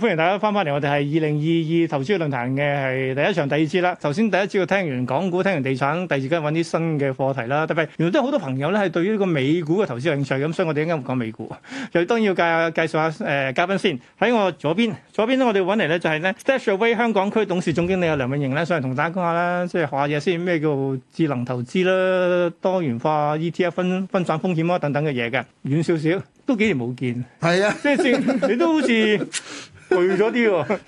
歡迎大家翻翻嚟，我哋係二零二二投資論壇嘅係第一場第二節啦。頭先第一節要聽完港股，聽完地產，第二間揾啲新嘅課題啦。特別，原來都好多朋友咧係對於呢個美股嘅投資有興趣咁，所以我哋依家講美股。就當然要介介紹下誒、呃、嘉賓先，喺我左邊，左邊咧我哋揾嚟咧就係咧 StashAway 香港區董事總經理阿梁穎瑩咧，上嚟同大家講下啦，即係學下嘢先，咩叫智能投資啦，多元化 ETF 分分散風險啊，等等嘅嘢嘅。遠少少都幾年冇見，係是啊即，即係你都好似。肥咗啲喎，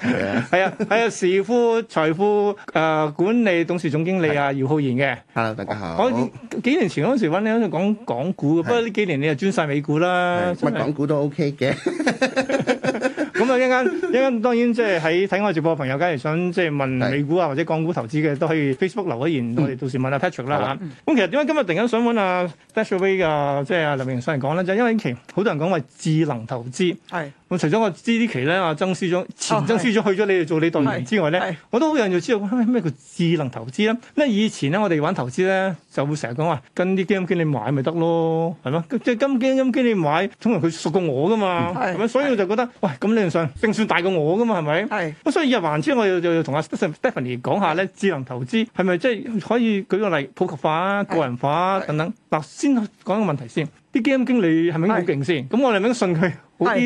係啊，係啊，時富財富誒管理董事總經理啊，姚浩然嘅。Hello，大家好。我幾年前嗰陣時揾你講港股，不過呢幾年你又專晒美股啦。乜港股都 OK 嘅。咁啊，一間一間當然即係喺睇我直播嘅朋友，梗係想即係問美股啊或者港股投資嘅都可以 Facebook 留一言，我哋到時問下 Patrick 啦嚇。咁其實點解今日突然間想揾阿 Patrick 嘅即係阿林明嚟講咧，就因為其實好多人講話智能投資係。咁除咗我知呢期咧，阿曾司長前曾司長去咗你哋做你代言人之外咧，oh, yes. 我都好印象知道咩叫智能投資咧。因為以前咧，我哋玩投資咧，就會成日講話跟啲基金經理買咪得咯，係嘛？即係基金經理買，通常佢熟過我噶嘛，係 Yes. 所以我就覺得，Yes. 喂，咁你又算，並算大過我噶嘛，係咪？係。咁所以日環先，我就同阿 Stephanie 講下咧，智能投資係咪即係可以舉個例，普及化、個人化 Yes. 等等。嗱，Yes. 先講個問題先，啲基金經理係咪好勁先？咁 Yes. 我哋咪都信佢。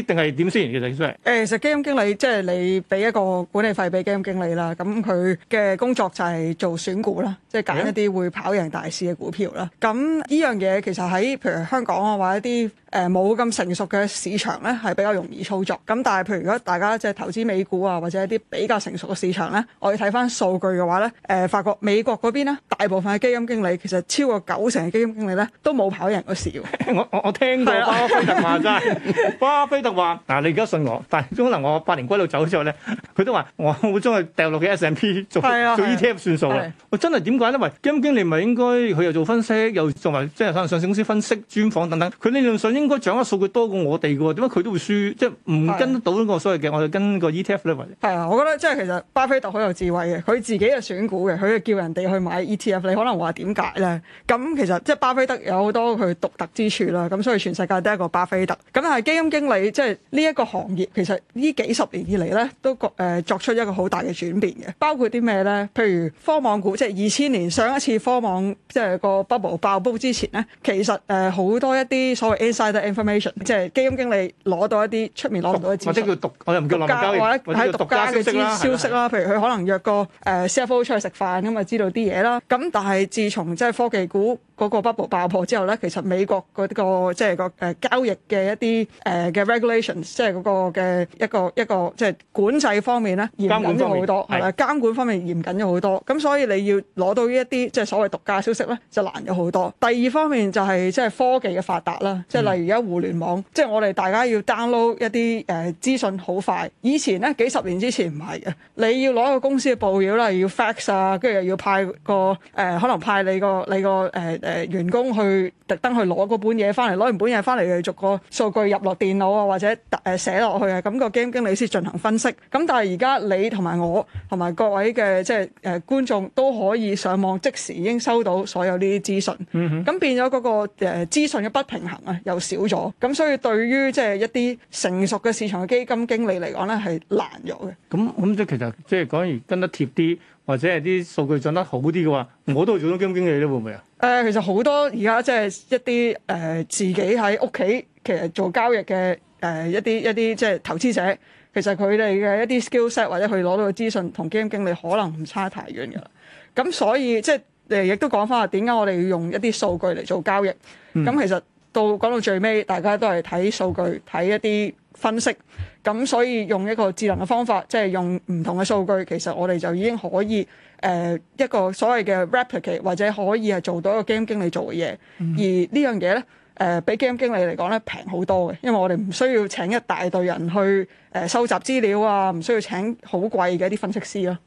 定係點先？其實 其實基金經理即係你俾一個管理費俾基金經理啦，咁佢嘅工作就係做選股啦，即係揀一啲會跑贏大市嘅股票啦。咁呢樣嘢其實喺譬如香港啊，或者一啲誒冇咁成熟嘅市場咧，係比較容易操作。咁但係譬如如果大家即係投資美股啊，或者一啲比較成熟嘅市場咧，我要睇翻數據嘅話咧，誒發覺美國嗰邊咧，大部分嘅基金經理其實超過九成嘅基金經理咧都冇跑贏個市 我我我聽過啊，方達話齋 巴菲特話：嗱、啊，你而家信我，但係可能我八年歸老走咗咧，佢都話我會將佢掉落去 S&P 做、啊、做 E T F 算數啦。啊啊、我真係點解咧？因為基金經理唔係應該佢又做分析，又做埋即係可能上市公司分析、專訪等等，佢理論上應該掌握數據多過我哋嘅喎。點解佢都會輸？即係唔跟得到嗰個所謂嘅，啊、我就跟個 E T F level。係啊，我覺得即係其實巴菲特好有智慧嘅，佢自己係選股嘅，佢叫人哋去買 E T F。你可能話點解咧？咁其實即係巴菲特有好多佢獨特之處啦。咁所以全世界得一個巴菲特。咁但係基金經理。係即係呢一個行業，其實呢幾十年以嚟咧，都誒作出一個好大嘅轉變嘅。包括啲咩咧？譬如科網股，即係二千年上一次科網即係、即係、個 bubble 爆煲之前咧，其實誒好多一啲所謂 insider information，即係基金經理攞到一啲出面攞唔到嘅資訊，或者叫獨，叫家，家或者喺獨家嘅消息啦。譬如佢可能約個誒 CFO 出去食飯咁啊，知道啲嘢啦。咁但係自從即係科技股嗰個 bubble 爆破之後咧，其實美國嗰、嗰個即係、即係、個誒交易嘅一啲誒。呃呃嘅 regulations 即係嗰個嘅一個一個即係管制方面咧嚴謹咗好多，係啦，監管方面嚴謹咗好多。咁所以你要攞到呢一啲即係所謂獨家消息咧，就難咗好多。第二方面就係即係科技嘅發達啦，即係例如而家互聯網，嗯、即係我哋大家要 download 一啲誒資訊好快。以前咧幾十年之前唔係嘅，你要攞個公司嘅報料啦，要 fax 啊，跟住又要派個誒、呃、可能派你個你個誒誒員工去特登去攞嗰本嘢翻嚟，攞完本嘢翻嚟嚟逐個數據入落電腦。有或者誒、呃、寫落去啊，咁個基金經理先進行分析。咁但係而家你同埋我同埋各位嘅即係誒觀眾都可以上網即時已經收到所有呢啲資訊。咁、嗯、哼變咗嗰、那個誒、呃、資訊嘅不平衡啊，又少咗。咁所以對於即係、就是、一啲成熟嘅市場嘅基金經理嚟講咧，係難咗嘅。咁咁即係其實即係講完跟得貼啲，或者係啲數據上得好啲嘅話，我都係做到基金經理咧，會唔會啊？誒、呃，其實好多而家即係一啲誒、呃、自己喺屋企。其實做交易嘅誒、呃、一啲一啲即係投資者，其實佢哋嘅一啲 skillset 或者佢攞到嘅資訊同基金經理可能唔差太遠嘅。咁、嗯、所以即係誒，亦、呃、都講翻話點解我哋要用一啲數據嚟做交易。咁、嗯、其實到講到最尾，大家都係睇數據、睇一啲分析。咁所以用一個智能嘅方法，即係用唔同嘅數據，其實我哋就已經可以誒、呃、一個所謂嘅 replicate，或者可以係做到一個基金經理做嘅嘢。嗯、而呢樣嘢呢。呢誒俾、呃、game 經理嚟講咧，平好多嘅，因為我哋唔需要請一大隊人去誒、呃、收集資料啊，唔需要請好貴嘅一啲分析師咯、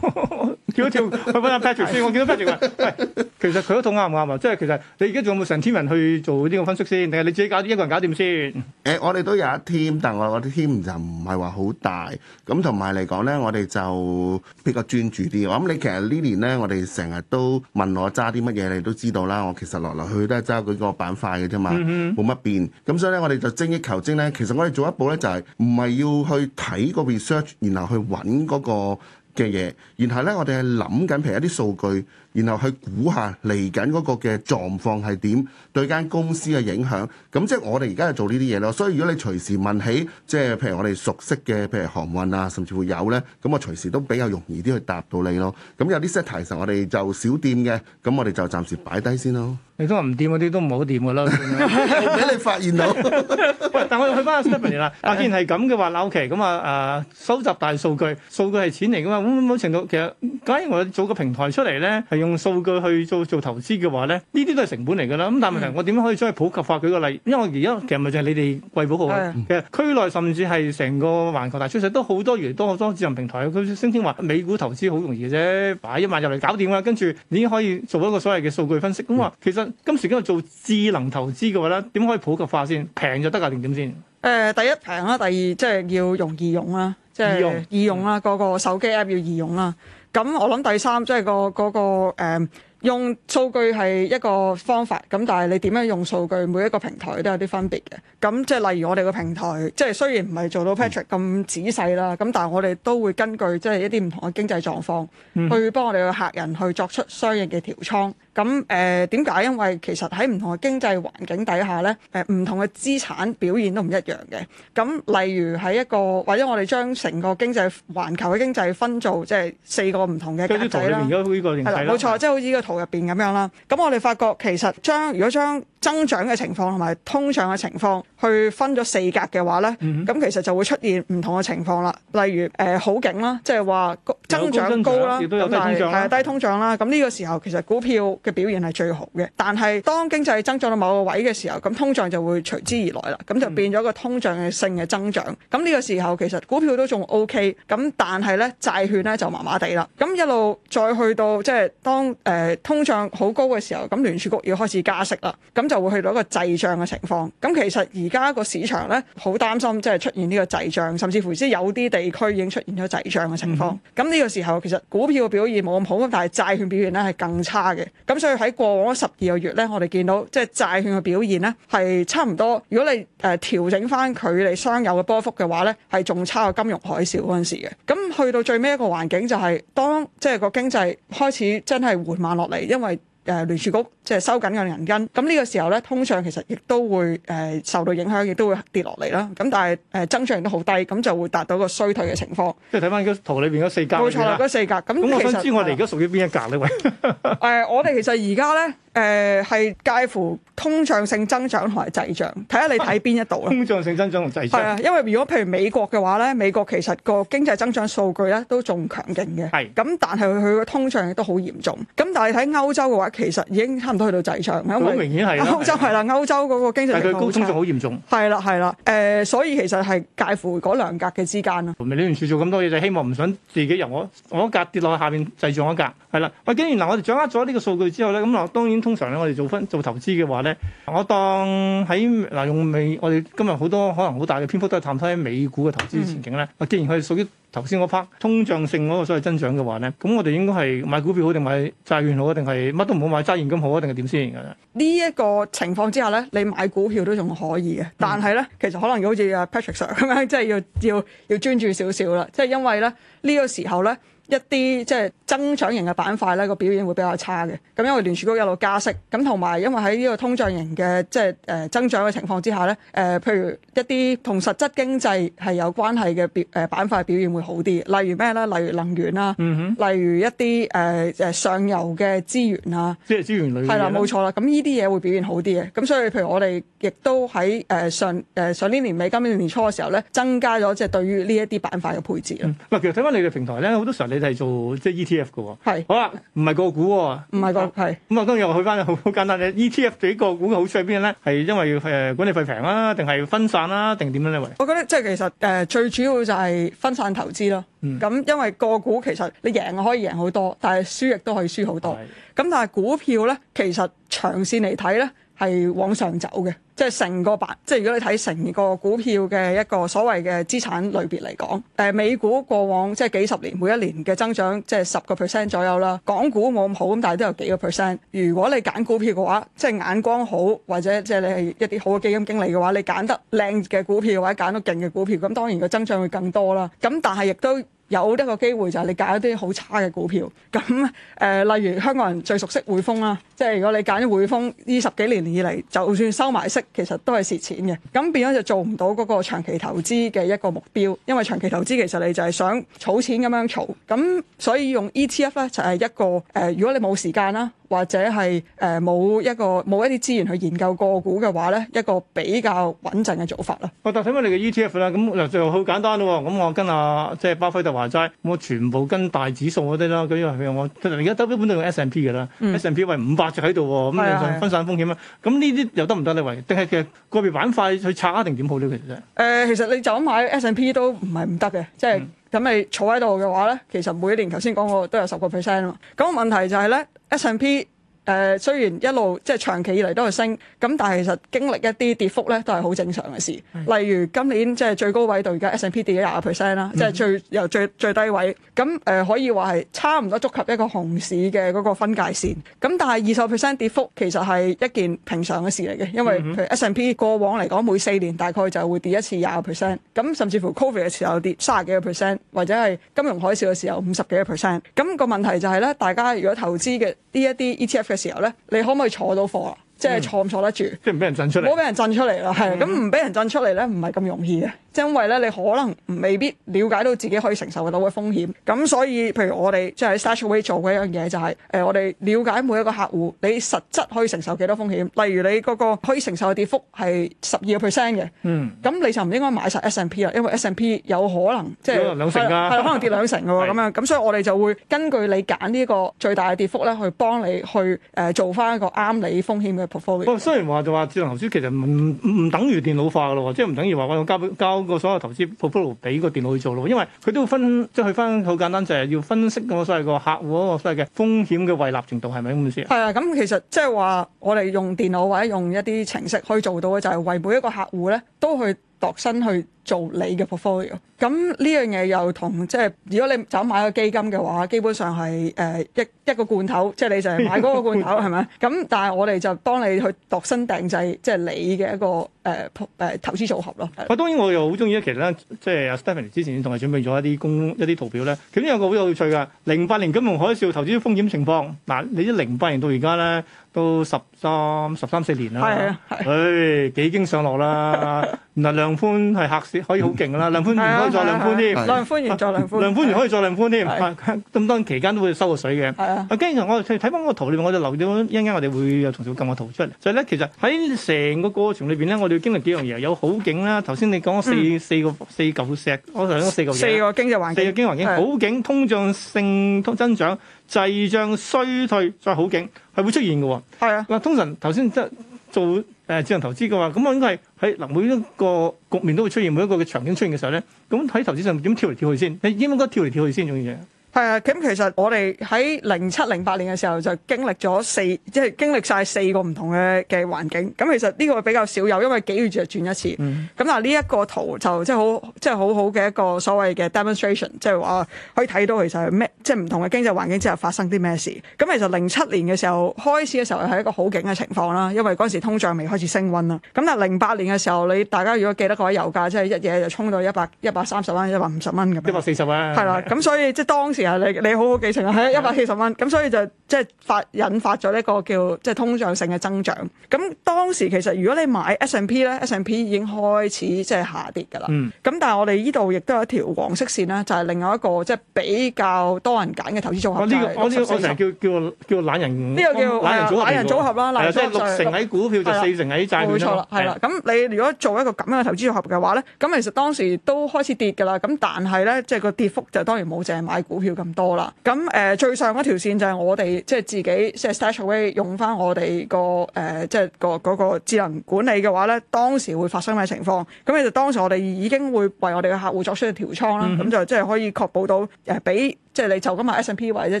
啊。 佢 去問阿 Patrick 先，我見到 Patrick。喂，其實佢都痛啱唔啱啊？即係其實你而家仲有冇成千人去做呢個分析先，定係你自己搞一個人搞掂先？誒、欸，我哋都有一 team，但係我啲 team 就唔係話好大。咁同埋嚟講咧，我哋就比較專注啲。我諗你其實呢年咧，我哋成日都問我揸啲乜嘢，你都知道啦。我其實落落去都係揸嗰個板塊嘅啫嘛，冇乜變。咁所以咧，我哋就精益求精咧。其實我哋做一步咧，就係唔係要去睇個 research，然後去揾嗰、嗰個，嘅嘢，然後咧，我哋係諗緊，譬如一啲數據。然後去估下嚟緊嗰個嘅狀況係點，對間公司嘅影響。咁即係我哋而家係做呢啲嘢咯。所以如果你隨時問起，即係譬如我哋熟悉嘅，譬如航運啊，甚至會有咧，咁我隨時都比較容易啲去答到你咯。咁有啲 set 題實我哋就少掂嘅，咁我哋就暫時擺低先咯。你都話唔掂嗰啲都唔好掂㗎啦，俾你發現到。喂，但係我哋去翻阿 Stephen 啦，既然係咁嘅話，扭期咁啊，誒，收集大數據，數據係錢嚟㗎嘛，咁某程度，其實，假如我做個平台出嚟咧，係用，用數據去做做投資嘅話咧，呢啲都係成本嚟㗎啦。咁但係問題，我點樣可以將佢普及化？舉個例，因為而家其實咪就係你哋貴寶號啊，的其實區內甚至係成個環球大趨勢，都好多餘多好多智能平台，佢聲稱話美股投資好容易嘅啫，擺一萬入嚟搞掂啦，跟住已經可以做一個所謂嘅數據分析。咁話其實今時今日做智能投資嘅話咧，點可以普及化先？平就得㗎定點先？誒、呃，第一平啦，第二即係要容易用啦，即係易用易啦用，嗰、嗯、個手機 app 要易用啦。咁我諗第三即係、嗰個嗰、嗰個誒、呃，用數據係一個方法，咁但係你點樣用數據，每一個平台都有啲分別嘅。咁即係例如我哋個平台，即係雖然唔係做到 Patrick 咁仔細啦，咁但係我哋都會根據即係一啲唔同嘅經濟狀況，去幫我哋嘅客人去作出相應嘅調倉。咁誒點解？因為其實喺唔同嘅經濟環境底下呢，誒、呃、唔同嘅資產表現都唔一樣嘅。咁例如喺一個，或者我哋將成個經濟環球嘅經濟分做即係四個唔同嘅格仔啦。係啦，冇錯，即係的好似呢個圖入邊咁樣啦。咁我哋發覺其實將如果將增長嘅情況同埋通脹嘅情況，去分咗四格嘅話呢，咁、嗯、哼其實就會出現唔同嘅情況啦。例如誒、呃、好景啦，即係話增長高啦，咁但係低通脹啦。咁呢個時候其實股票嘅表現係最好嘅。但係當經濟增長到某個位嘅時候，咁通脹就會隨之而來啦。咁就變咗個通脹嘅性嘅增長。咁呢、嗯、個時候其實股票都仲 O K。咁但係呢，債券呢就麻麻地啦。咁一路再去到即係當誒、呃、通脹好高嘅時候，咁聯儲局要開始加息啦。咁就會去到一個滯脹嘅情況，咁其實而家個市場呢，好擔心，即係出現呢個滯脹，甚至乎即係有啲地區已經出現咗滯脹嘅情況。咁呢、嗯、個時候，其實股票嘅表現冇咁好，但係債券表現呢係更差嘅。咁所以喺過往十二個月呢，我哋見到即係債券嘅表現呢係差唔多。如果你誒調整翻佢哋雙有嘅波幅嘅話呢，係仲差過金融海嘯嗰陣時嘅。咁去到最尾一個環境就係、是、當即係個經濟開始真係緩慢落嚟，因為誒聯儲局。即係收緊嘅銀根，咁呢個時候咧，通脹其實亦都會誒、呃、受到影響，亦都會跌落嚟啦。咁但係誒增長率都好低，咁就會達到個衰退嘅情況。即係睇翻個圖裏邊嗰四格冇錯啦，嗰四格。咁我想知我哋而家屬於邊一格呢？喂 、呃，誒我哋其實而家咧誒係介乎通脹性增長同埋滯脹，睇下你睇邊一度啦。通脹性增長同滯脹。係啊，因為如果譬如美國嘅話咧，美國其實個經濟增長數據咧都仲強勁嘅。係的。咁但係佢個通脹亦都好嚴重。咁但係喺歐洲嘅話，其實已經都去到滯脹，好明顯係啦。歐洲係啦，的歐洲嗰個經濟，但佢高通脹好嚴重。係啦，係啦，誒、呃，所以其實係介乎嗰兩格嘅之間啦。咁美聯儲做咁多嘢，就希望唔想自己由我我一格跌落去下邊滯脹一格，係啦。喂、啊，既然嗱、啊，我哋掌握咗呢個數據之後咧，咁、啊、嗱，當然通常咧，我哋做分做投資嘅話咧，我當喺嗱、啊、用美，我哋今日好多可能好大嘅篇幅都係探討喺美股嘅投資前景咧。啊，既然佢屬於。頭先嗰 part 通脹性嗰個所謂增長嘅話咧，咁我哋應該係買股票好定係債券好啊，定係乜都唔好買債現金好啊，定係點先㗎？呢一個情況之下咧，你買股票都仲可以嘅，但係咧，其實可能好似阿 Patrick sir，咁樣，即係要要要專注少少啦，即係因為咧呢個時候咧。一啲即係增長型嘅板塊咧，個表現會比較差嘅。咁因為聯儲局一路加息，咁同埋因為喺呢個通脹型嘅即係誒增長嘅情況之下咧，誒、呃、譬如一啲同實質經濟係有關係嘅表誒板、呃、塊表現會好啲。例如咩咧？例如能源啦，嗯、哼例如一啲誒誒上游嘅資源啊，即係資源類，係啦，冇錯啦。咁呢啲嘢會表現好啲嘅。咁、呃、所以譬如我哋亦都喺誒、呃、上誒上年年尾今年年初嘅時候咧，增加咗即係對於呢一啲板塊嘅配置啦、嗯。其實睇翻你哋平台咧，好多時候你係做即係、就是、E T F 嘅，係是好啦，唔係個股，唔係個係。咁啊好，今日是我去翻好簡單嘅 E T F，做個股嘅好處係邊咧？係因為誒管理費平啦，定係分散啦，定點樣呢？喂，我覺得即係其實誒、呃、最主要就係分散投資咯。咁、嗯、因為個股其實你贏可以贏好多，但係輸亦都可以輸好多。咁是但係股票咧，其實長線嚟睇咧係往上走嘅。即係成個板，即係如果你睇成個股票嘅一個所謂嘅資產類別嚟講，誒、呃、美股過往即係幾十年每一年嘅增長，即係十個 percent 左右啦。港股冇咁好，咁但係都有幾個 percent。如果你揀股票嘅話，即係眼光好，或者即係你係一啲好嘅基金經理嘅話，你揀得靚嘅股票或者揀得勁嘅股票，咁當然個增長會更多啦。咁但係亦都有一個機會，就係你揀一啲好差嘅股票。咁誒、呃，例如香港人最熟悉匯豐啦，即係如果你揀咗匯豐，呢十幾年以嚟就算收埋息，其實都係蝕錢嘅，咁變咗就做唔到嗰個長期投資嘅一個目標，因為長期投資其實你就係想儲錢咁樣儲，咁所以用 E T F 咧就係一個誒、呃，如果你冇時間啦，或者係誒冇一個冇一啲資源去研究個股嘅話咧，一個比較穩陣嘅做法啦。我睇翻你嘅 E T F 啦，咁嗱就好簡單咯，咁我跟啊即係、就是、巴菲特話齋，我全部跟大指數嗰啲啦，咁因為我而家都基本都用 S&P 嘅啦，S&、嗯、P 係五百隻喺度，咁分散風險啦。咁呢啲又得唔得？你話？嘅個別板塊去拆啊，定點好啲嘅啫？誒，其實你就咁買 S and P 都唔係唔得嘅，即係咁你坐喺度嘅話咧，其實每一年頭先講過都有十個 percent 啊嘛。咁個問題就係咧，S and P。誒、uh, 雖然一路即係長期以嚟都係升，咁但係其實經歷一啲跌幅咧都係好正常嘅事。的例如今年即係最高位到而家 S&P 跌咗廿個 percent 啦，即係最由最最低位，咁誒、呃、可以話係差唔多觸及一個熊市嘅嗰個分界線。咁但係二十 percent 跌幅其實係一件平常嘅事嚟嘅，因為譬如 S&P 過往嚟講每四年大概就會跌一次廿個 percent，咁甚至乎 COVID 嘅時候跌卅幾個 percent，或者係金融海嘯嘅時候五十幾個 percent。咁、那個問題就係、是、咧，大家如果投資嘅呢一啲 ETF 時候咧，你可唔可以坐到貨啦？即係坐唔坐得住？嗯、即係唔俾人震出嚟，唔好俾人震出嚟啦。係咁唔俾人震出嚟咧，唔係咁容易嘅。因為咧，你可能未必了解到自己可以承受到嘅風險，咁所以，譬如我哋即係 StashAway 做嘅一樣嘢，就係、是、誒、就是呃，我哋了解每一個客戶你實質可以承受幾多風險。例如你嗰個可以承受嘅跌幅係十二個 percent 嘅，嗯，咁你就唔應該買晒 S&P 啦，因為 S&P 有可能即係兩成啦、啊，係可能跌兩成嘅喎，咁 是樣咁，所以我哋就會根據你揀呢個最大嘅跌幅咧，去幫你去誒做翻一個啱你風險嘅 portfolio。不過雖然話就話智能投資其實唔唔等於電腦化嘅咯喎，即係唔等於話我交交。交個所有投資 portfolio 俾個電腦去做咯，因為佢都要分，即係去翻好簡單就係、是、要分析個所有個客戶嗰個所有嘅風險嘅維納程度係咪咁嘅意思？係啊，咁其實即係話我哋用電腦或者用一啲程式可以做到嘅就係為每一個客戶咧都去。度身去做你嘅 portfolio，咁呢樣嘢又同即係如果你就買個基金嘅話，基本上係誒一一個罐頭，即係你就係買嗰個罐頭，係咪？ 咁但係我哋就幫你去度身訂製，即係你嘅一個誒誒、uh, uh, 投資組合咯。啊，當然我又好中意咧，其實咧，即係阿 Stephen 之前同你準備咗一啲公一啲圖表咧，其中有個好有趣嘅，零八年金融海嘯投資風險情況。嗱、啊，你啲零八年到而家咧。都十三十三四年啦，唉、 哎，幾經上落啦。嗱， 量寬係客市可以好勁啦，量寬完可以再量寬添，量寬完再量寬，量寬完可以再量寬添。咁當期間都會收個水嘅。 啊，跟住我哋睇翻個圖，我哋留意到，一陣間，我哋會有同事撳個圖出嚟。所以咧，其實喺成個過程裏邊咧，我哋要經歷幾樣嘢，有好景啦。頭先你講四、嗯、四個四嚿石，我頭先講四嚿。四個經濟環四個經濟環境好景，通脹性通增長。滯脹衰退再好景係會出現嘅喎，啊的，嗱通常頭先即係做誒智能投資嘅話，咁我應該係喺嗱每一個局面都會出現，每一個嘅場景出現嘅時候咧，咁喺投資上面點跳嚟跳去先？你應該跳嚟跳去先仲要嘢。係啊，咁其實我哋喺零七零八年嘅時候就經歷咗四，即係經歷晒四個唔同嘅嘅環境。咁其實呢個比較少有，因為幾月就轉一次。咁嗱、嗯，呢一個圖就即係好，即係好好嘅一個所謂嘅 demonstration，即係話可以睇到其實係咩，即係唔同嘅經濟環境之下發生啲咩事。咁其實零七年嘅時候開始嘅時候係一個好景嘅情況啦，因為嗰陣時通脹未開始升溫啦。咁但係零八年嘅時候，你大家如果記得嘅話，油價即係一嘢就衝到一百一百三十蚊、一百五十蚊咁。一百四十蚊。係啦的，咁 所以即係當時。你你好好記性啊，係啊，一百四十蚊，咁所以就即係發引發咗呢個叫即係通脹性嘅增長。咁當時其實如果你買 S&P 咧，S&P 已經開始即係下跌㗎啦。咁但係我哋呢度亦都有一條黃色線咧，就係另外一個即係比較多人揀嘅投資組合。呢？我我成日叫叫叫懶人。呢個叫懶人組懶人組合啦。即係六成喺股票，就四成喺債。冇錯啦，係啦。咁你如果做一個咁樣嘅投資組合嘅話咧，咁其實當時都開始跌㗎啦。咁但係咧，即係個跌幅就當然冇淨係買股票，要咁多啦，咁誒、呃、最上一條線就係我哋即係自己 away，呃、即係 StashAway 用翻我哋個誒即係個嗰個智能管理嘅話咧，當時會發生咩情況？咁其實當時我哋已經會為我哋嘅客戶作出調倉啦，咁、嗯、就即係可以確保到誒俾。呃即係你就咁買 S&P 或者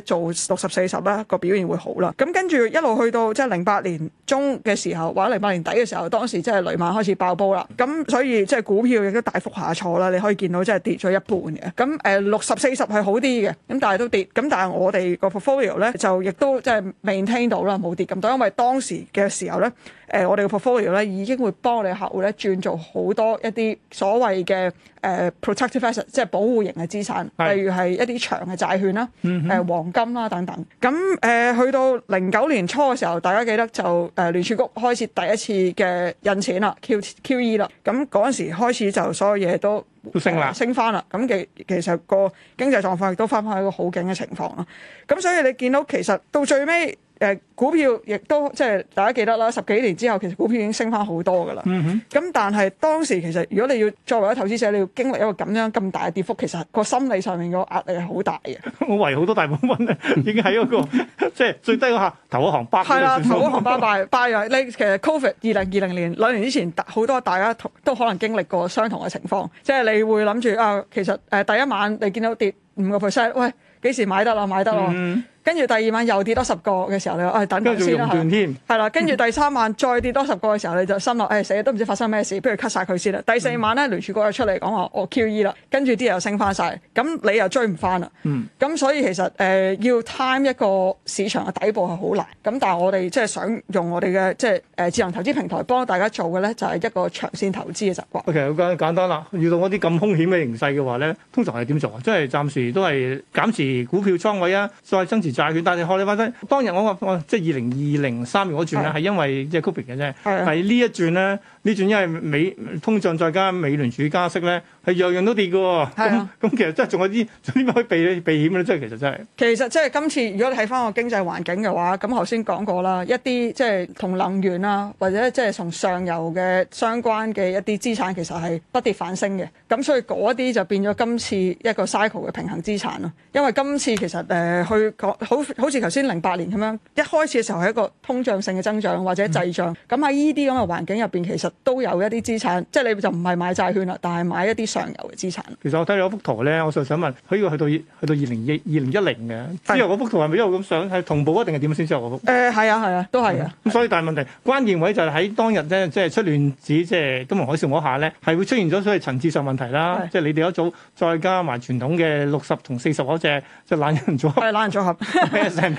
做六十四十啦，個表現會好啦。咁跟住一路去到即係零八年中嘅時候，或者零八年底嘅時候，當時即係雷曼開始爆煲啦。咁所以即係股票亦都大幅下挫啦。你可以見到即係跌咗一半嘅。咁誒六十四十係好啲嘅，咁但係都跌。咁但係我哋個 portfolio 咧就亦都即係 maintain 到啦，冇跌咁多，因為當時嘅時候咧。誒、呃，我哋嘅 portfolio 咧已經會幫我哋客戶咧轉做好多一啲所謂嘅誒、呃、protective asset，即係保護型嘅資產，是例如係一啲長嘅債券啦，誒、呃、黃金啦等等。咁誒、呃，去到零九年初嘅時候，大家記得就誒、呃、聯儲局開始第一次嘅印錢啦，QQE 啦。咁嗰陣時開始就所有嘢都升啦、呃，升翻啦。咁其其實個經濟狀況亦都翻返一個好景嘅情況咯。咁所以你見到其實到最尾。誒股票亦都即係大家記得啦，十幾年之後其實股票已經升返好多噶啦。咁、嗯、哼但係當時其實如果你要作為一個投資者，你要經歷一個咁樣咁大嘅跌幅，其實個心理上面個壓力係好大嘅。我為好多大部分已經喺一個 即係最低個下投個行崩。係啦，投個行崩敗，敗啊！ 你 其實 COVID 二零二零年兩年之前，好多大家同都可能經歷過相同嘅情況，即係你會諗住啊，其實誒第一晚你見到跌五個 percent，喂，幾時買得啊？買得啊！跟住第二晚又跌多十個嘅時候咧，哎等住先啦。係啦，跟住的、嗯、第三晚再跌多十個嘅時候，你就心諗：嗯「哎死都唔知發生咩事，不如 cut 曬佢先啦。第四晚咧，聯儲局又出嚟講話，我 QE 啦，跟住啲又升翻晒。」咁你又追唔翻啦。嗯，咁所以其實誒、呃、要 time 一個市場嘅底部係好難。咁但係我哋即係想用我哋嘅即係誒、呃、智能投資平台幫大家做嘅咧，就係、是、一個長線投資嘅習慣。OK，好簡單啦。遇到嗰啲咁凶險嘅形勢嘅話咧，通常係點做啊？即係暫時都係減持股票倉位啊，再增持，持。債券， 但係學你話齋，當日我話我即係二零二零年三月嗰轉咧，係因為即係 COVID 嘅啫，係呢一轉咧。呢仲因為美通脹再加美聯儲加息咧，係樣樣都跌嘅，哦。係咁其實真係仲有啲，做啲咩可以避避險咧？即係其實真係。其實即、就、係、是、今次，如果你睇翻個經濟環境嘅話，咁頭先講過啦，一啲即係同能源啦、啊，或者即係從上游嘅相關嘅一啲資產，其實係不跌反升嘅。咁所以嗰啲就變咗今次一個 cycle 嘅平衡資產咯。因為今次其實誒去講好好似頭先零八年咁樣，一開始嘅時候係一個通脹性嘅增長或者滯脹。咁喺呢啲咁嘅環境入邊，其實都有一啲資產，即係你就唔係買債券啦，但係買一啲上游嘅資產。其實我睇到嗰幅圖咧，我就想問，佢要去到去到二零二二零一零嘅之後，嗰幅圖係咪一路咁上？係同步一定係點先之後嗰幅？誒係啊係啊，都係啊。咁所以大問題關鍵位就係喺當日咧，即係出亂子，即係金融海嘯嗰下咧，係會出現咗所謂層次上問題啦。即係你哋嗰組再加埋傳統嘅六十同四十嗰隻，即係懶人組合。係懶人組合。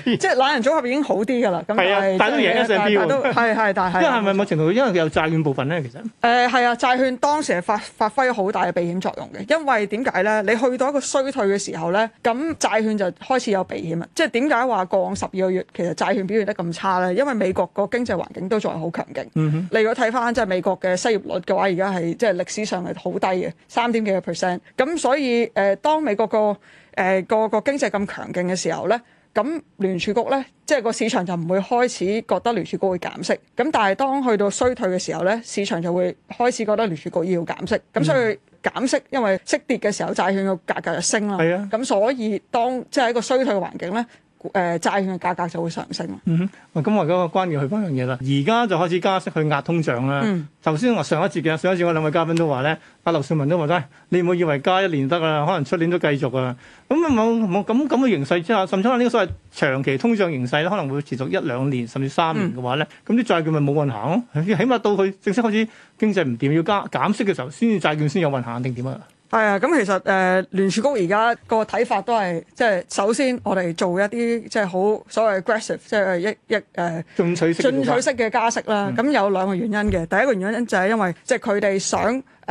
即係懶人組合已經好啲㗎啦。係啊，但都贏 S and P 但係。因為係咪某程度因為有債券部分？咧，其實、呃、啊，債券當時係發發揮好大嘅避險作用嘅，因為點解呢？你去到一個衰退嘅時候呢，咁債券就開始有避險啊。即係點解話過往十二個月其實債券表現得咁差呢？因為美國個經濟環境都仲係好強勁嚟。嗯、哼你如果睇翻即係美國嘅失業率嘅話，而家係即係歷史上係好低嘅三點幾個 percent。咁所以誒、呃，當美國個誒個個經濟咁強勁嘅時候呢。咁聯儲局呢，即係個市場就唔會開始覺得聯儲局會減息。咁但係當去到衰退嘅時候呢，市場就會開始覺得聯儲局要減息。咁所以減息，因為息跌嘅時候債券嘅價格就升啦。咁，嗯，所以當即係一個衰退嘅環境呢。誒、呃、債券嘅價格就會上升。嗯哼，咁我講關住佢嗰樣嘢啦。而家就開始加息去壓通脹啦。頭先我上一節嘅上一節，我兩位嘉賓都話咧，阿劉少文都話齋、哎，你唔好以為加一年得㗎啦，可能出年都繼續㗎啦。咁冇冇咁咁嘅形勢之下，甚至可能呢個所謂長期通脹形勢咧，可能會持續一兩年，甚至三年嘅話咧，咁啲、嗯、債券咪冇運行咯。起碼到佢正式開始經濟唔掂，要加減息嘅時候，先至債券先有運行定點啊。係啊，咁、嗯、其實誒、呃、聯儲局而家個睇法都係，即係首先我哋做一啲即係好所謂 aggressive，即係一一誒、呃、進取式進取式嘅加息啦。咁、嗯、有兩個原因嘅，第一個原因就係因為即係佢哋想。誒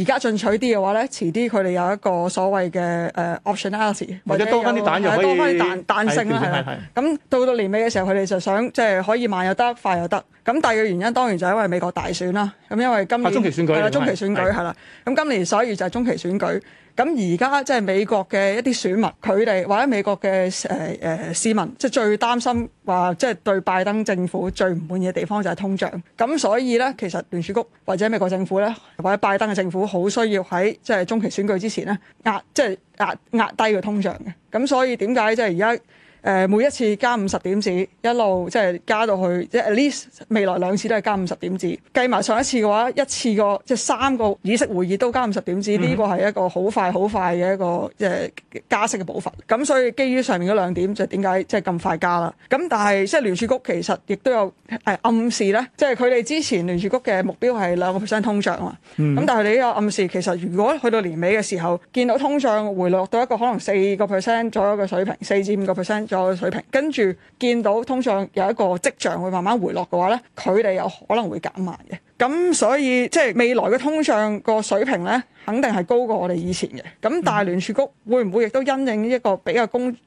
而家進取啲嘅話咧，遲啲佢哋有一個所謂嘅誒 optionality，或者多翻啲彈多翻啲彈彈性啦，係啦，係。咁到到年尾嘅時候，佢哋就想即係可以慢又得，快又得。咁第二個原因當然就係因為美國大選啦。咁因為今年係中期選舉係啦，中期選舉係啦。咁今年所以就係中期選舉。是咁而家即係美國嘅一啲選民，佢哋或者美國嘅誒誒市民，即係最擔心話，即係對拜登政府最唔滿意嘅地方就係通脹。咁所以咧，其實聯儲局或者美國政府咧，或者拜登嘅政府好需要喺即係中期選舉之前咧壓即係壓壓低個通脹嘅。咁、啊、所以點解即係而家？誒每一次加五十點子，一路即係加到去，即係 at least 未來兩次都係加五十點子。計埋上一次嘅話，一次過即係三個議息會議都加五十點子，呢、這個係一個好快好快嘅一個即係加息嘅步伐。咁所以基於上面嗰兩點，就點解即係咁快加啦？咁但係即係聯儲局其實亦都有誒、哎、暗示咧，即係佢哋之前聯儲局嘅目標係兩個 percent 通脹啊嘛。咁、嗯、但係你呢個暗示，其實如果去到年尾嘅時候，見到通脹回落到一個可能四個 percent 左右嘅水平，四至五個 percent。水平，跟住見到通脹有一個跡象會慢慢回落嘅話呢，佢哋有可能會減慢嘅。咁所以即係未來嘅通脹個水平呢，肯定係高過我哋以前嘅。咁但係聯儲局會唔會亦都因應一個比較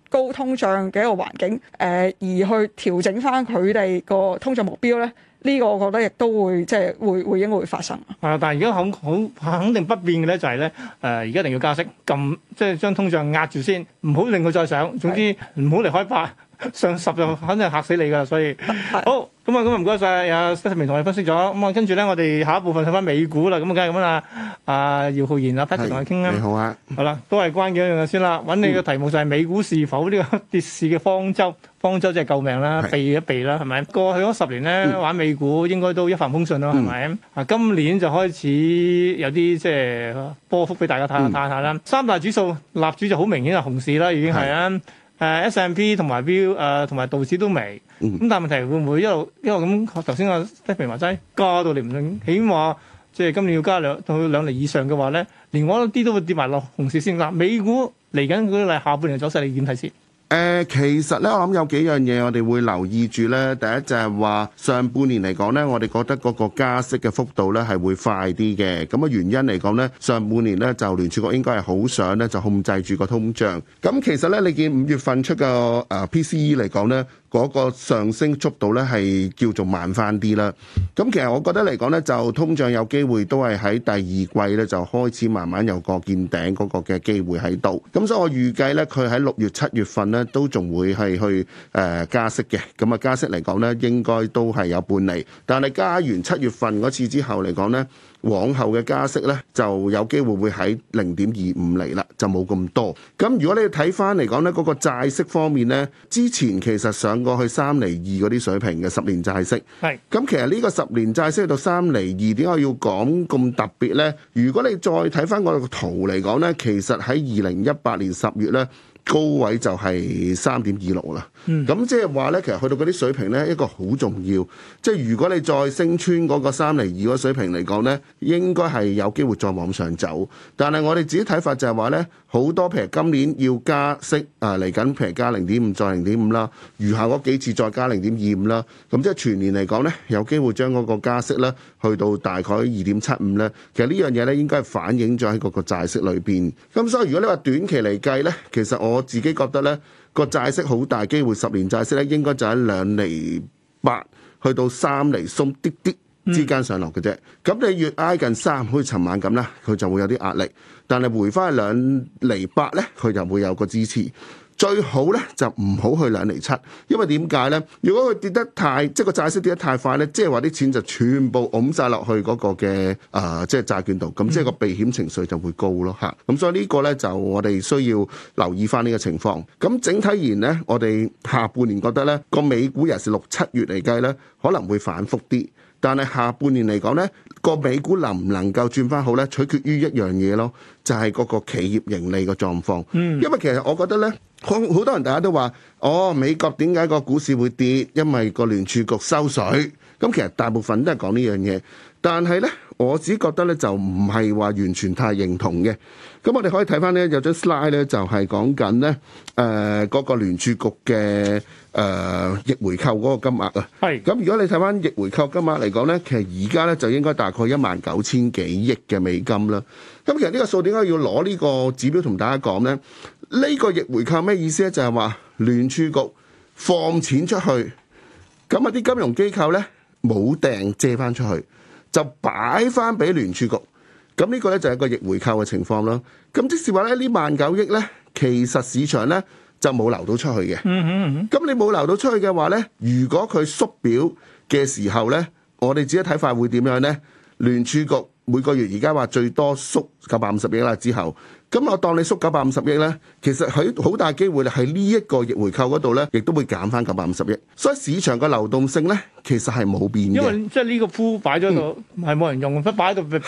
高通脹嘅一個環境，誒、呃、而去調整翻佢哋個通脹目標呢？呢個我覺得亦都會，即係會會應該會發生。係啊、嗯，但係而家好好肯定不變嘅咧，就係咧誒，而家一定要加息，撳即係將通脹壓住先，唔好令佢再上。總之唔好嚟開拍。是 上十就肯定吓死你噶，所以 好，咁啊，咁啊唔該晒，阿陳世明同你分析咗。咁啊，跟住咧，我哋下一部分睇翻美股啦，咁梗係咁啦。阿、啊、姚浩然，阿 Patrick 同佢傾啊。好啊，好啦，都係關鍵一樣嘢先啦。揾你嘅題目就係美股是否呢個跌市嘅方舟？方舟即係救命啦，是避一避啦，係咪？過去嗰十年咧、嗯、玩美股，應該都一帆風順咯，係咪、嗯？啊，今年就開始有啲即係波幅俾大家探下探下、嗯、啦。三大指數，納指就好明顯係熊市啦，已經係啊是。誒 S M、uh, P 同埋標誒同埋道指都未，咁、mm. 但係問題會唔會一路一路咁，頭先我啲評話齋加到嚟唔順，起碼即係今年要加兩到兩釐以上嘅話咧，連我一啲都會跌埋落紅線先。嗱，美股嚟緊嗰啲係下半年走勢，你點睇先？誒、呃，其實咧，我諗有幾樣嘢我哋會留意住咧。第一就係話，上半年嚟講呢，我哋覺得嗰個加息嘅幅度咧係會快啲嘅。咁啊，原因嚟講呢，上半年呢就聯儲局應該係好想咧就控制住個通脹。咁其實呢，你見五月份出個誒 PCE 嚟講呢。嗰個上升速度咧係叫做慢返啲啦，咁其實我覺得嚟講咧，就通脹有機會都係喺第二季咧就開始慢慢有個見頂嗰個嘅機會喺度，咁所以我預計咧佢喺六月七月份咧都仲會係去誒、呃、加息嘅，咁啊加息嚟講咧應該都係有半厘。但係加完七月份嗰次之後嚟講咧。往後嘅加息呢，就有機會會喺零點二五厘啦，就冇咁多。咁如果你睇翻嚟講呢嗰、嗰個債息方面呢，之前其實上過去三厘二嗰啲水平嘅十年債息。咁是其實呢個十年債息去到三厘二，點解我要講咁特別呢？如果你再睇翻我個圖嚟講呢，其實喺二零一八年十月呢。高位就係三點二六啦，嗯，咁即係話咧，其實去到嗰啲水平咧，一個好重要，即係如果你再升穿嗰個三厘二個水平嚟講咧，應該係有機會再往上走，但係我哋自己睇法就係話咧。好多譬如今年要加息啊！嚟緊譬如加零點五再零點五啦，餘下嗰幾次再加零點二五啦。咁即係全年嚟講呢有機會將嗰個加息呢去到大概二點七五呢。其實呢樣嘢呢，應該係反映咗喺嗰個債息裏邊。咁所以如果你話短期嚟計呢，其實我自己覺得呢個債息好大機會十年債息呢，應該就喺兩厘八去到三厘鬆啲啲。點點點之間上落嘅啫，咁你越挨近三，好似尋晚咁啦，佢就會有啲壓力。但係回翻去兩厘八咧，佢就會有個支持。最好咧就唔好去兩厘七，因為點解咧？如果佢跌得太，即係個債息跌得太快咧，即係話啲錢就全部揞晒落去嗰個嘅啊、呃，即係債券度，咁即係個避險情緒就會高咯吓，咁所以個呢個咧就我哋需要留意翻呢個情況。咁整體而言咧，我哋下半年覺得咧個美股尤其是六七月嚟計咧，可能會反覆啲。但係下半年嚟講呢個美股能唔能夠轉翻好呢？取決於一樣嘢咯，就係、是、嗰個企業盈利嘅狀況。嗯、因為其實我覺得呢，好好多人大家都話，哦，美國點解個股市會跌？因為個聯儲局收水。咁、嗯嗯、其實大部分都係講呢樣嘢。但係咧，我自己覺得咧就唔係話完全太認同嘅。咁我哋可以睇翻咧有張 slide 咧，就係講緊咧誒嗰個聯儲局嘅誒、呃、逆回購嗰個金額啊。係咁是，如果你睇翻逆回購金額嚟講咧，其實而家咧就應該大概一萬九千幾億嘅美金啦。咁其實呢個數點解要攞呢個指標同大家講咧？呢、呢個逆回購咩意思咧？就係、是、話聯儲局放錢出去，咁啊啲金融機構咧冇訂借翻出去，就擺翻俾聯儲局，咁呢個呢就係一個逆回購嘅情況咯。咁即是話咧，呢萬九億呢，其實市場呢就冇流到出去嘅。咁 你冇流到出去嘅話呢，如果佢縮表嘅時候呢，我哋自己睇法會點樣呢？聯儲局每個月而家話最多縮九百五十億啦，之後。咁我當你縮九百五十億咧，其實喺好大機會咧，喺呢一個逆回購嗰度咧，亦都會減翻九百五十億。所以市場嘅流動性咧，其實係冇變。因為即係呢個庫擺咗喺度，係冇、嗯、人用，佢擺喺度備用，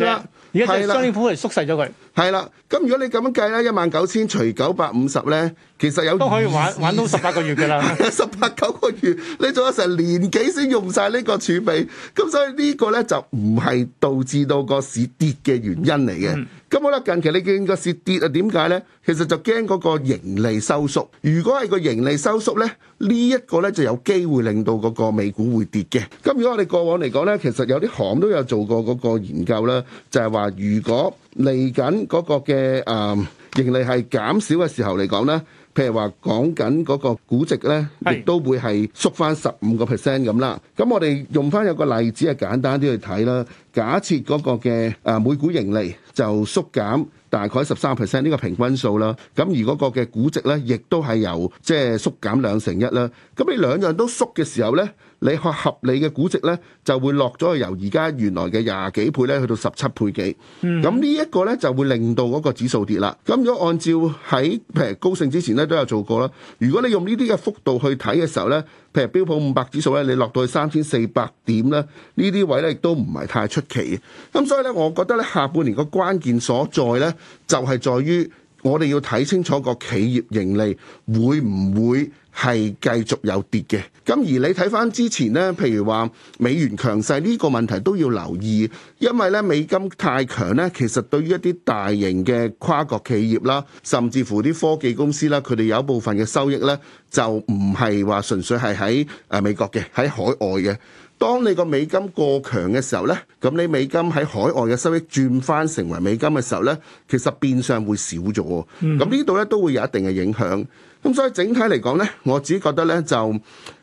係啦，而家的就係中央庫嚟縮細咗佢。係啦，咁如果你咁樣計咧，一萬九千除九百五十咧，其實有都可以玩玩到十八個月㗎啦，十八九個月，你仲有成年幾先用晒呢個儲備？咁所以呢個咧就唔係導致到個市跌嘅原因嚟嘅。嗯咁我咧近期你見個市跌啊？點解咧？其實就驚嗰個盈利收縮。如果係個盈利收縮咧，呢一個咧就有機會令到嗰個美股會跌嘅。咁如果我哋過往嚟講咧，其實有啲行都有做過嗰個研究啦，就係話如果嚟緊嗰個嘅誒盈利係減少嘅時候嚟講咧。譬如話講緊嗰個估值咧，亦是都會係縮翻十五個 percent 咁啦。咁我哋用翻有個例子係簡單啲去睇啦。假設嗰個嘅誒、啊、每股盈利就縮減大概十三 percent 呢個平均數啦。咁而嗰個嘅估值咧，亦都係由即係、就是、縮減兩成一啦。咁你兩樣都縮嘅時候咧？你合合理嘅估值呢，就會落咗去由而家原來嘅廿幾倍呢，去到十七倍幾。咁呢一個呢，就會令到嗰個指數跌啦。咁如果按照喺譬如高盛之前呢，都有做過啦，如果你用呢啲嘅幅度去睇嘅時候呢，譬如標普五百指數呢，你落到去三千四百點呢，呢啲位呢亦都唔係太出奇嘅。咁所以呢，我覺得呢下半年個關鍵所在呢，就係在於我哋要睇清楚個企業盈利會唔會係繼續有跌嘅。咁而你睇翻之前呢，譬如話美元強勢呢個問題都要留意，因為咧美金太強呢，其實對於一啲大型嘅跨國企業啦，甚至乎啲科技公司啦，佢哋有一部分嘅收益呢，就唔係話純粹係喺誒美國嘅，喺海外嘅。當你個美金過強嘅時候呢，咁你美金喺海外嘅收益轉翻成為美金嘅時候呢，其實變相會少咗。咁呢度呢，都會有一定嘅影響。咁所以整體嚟講呢，我自己覺得呢，就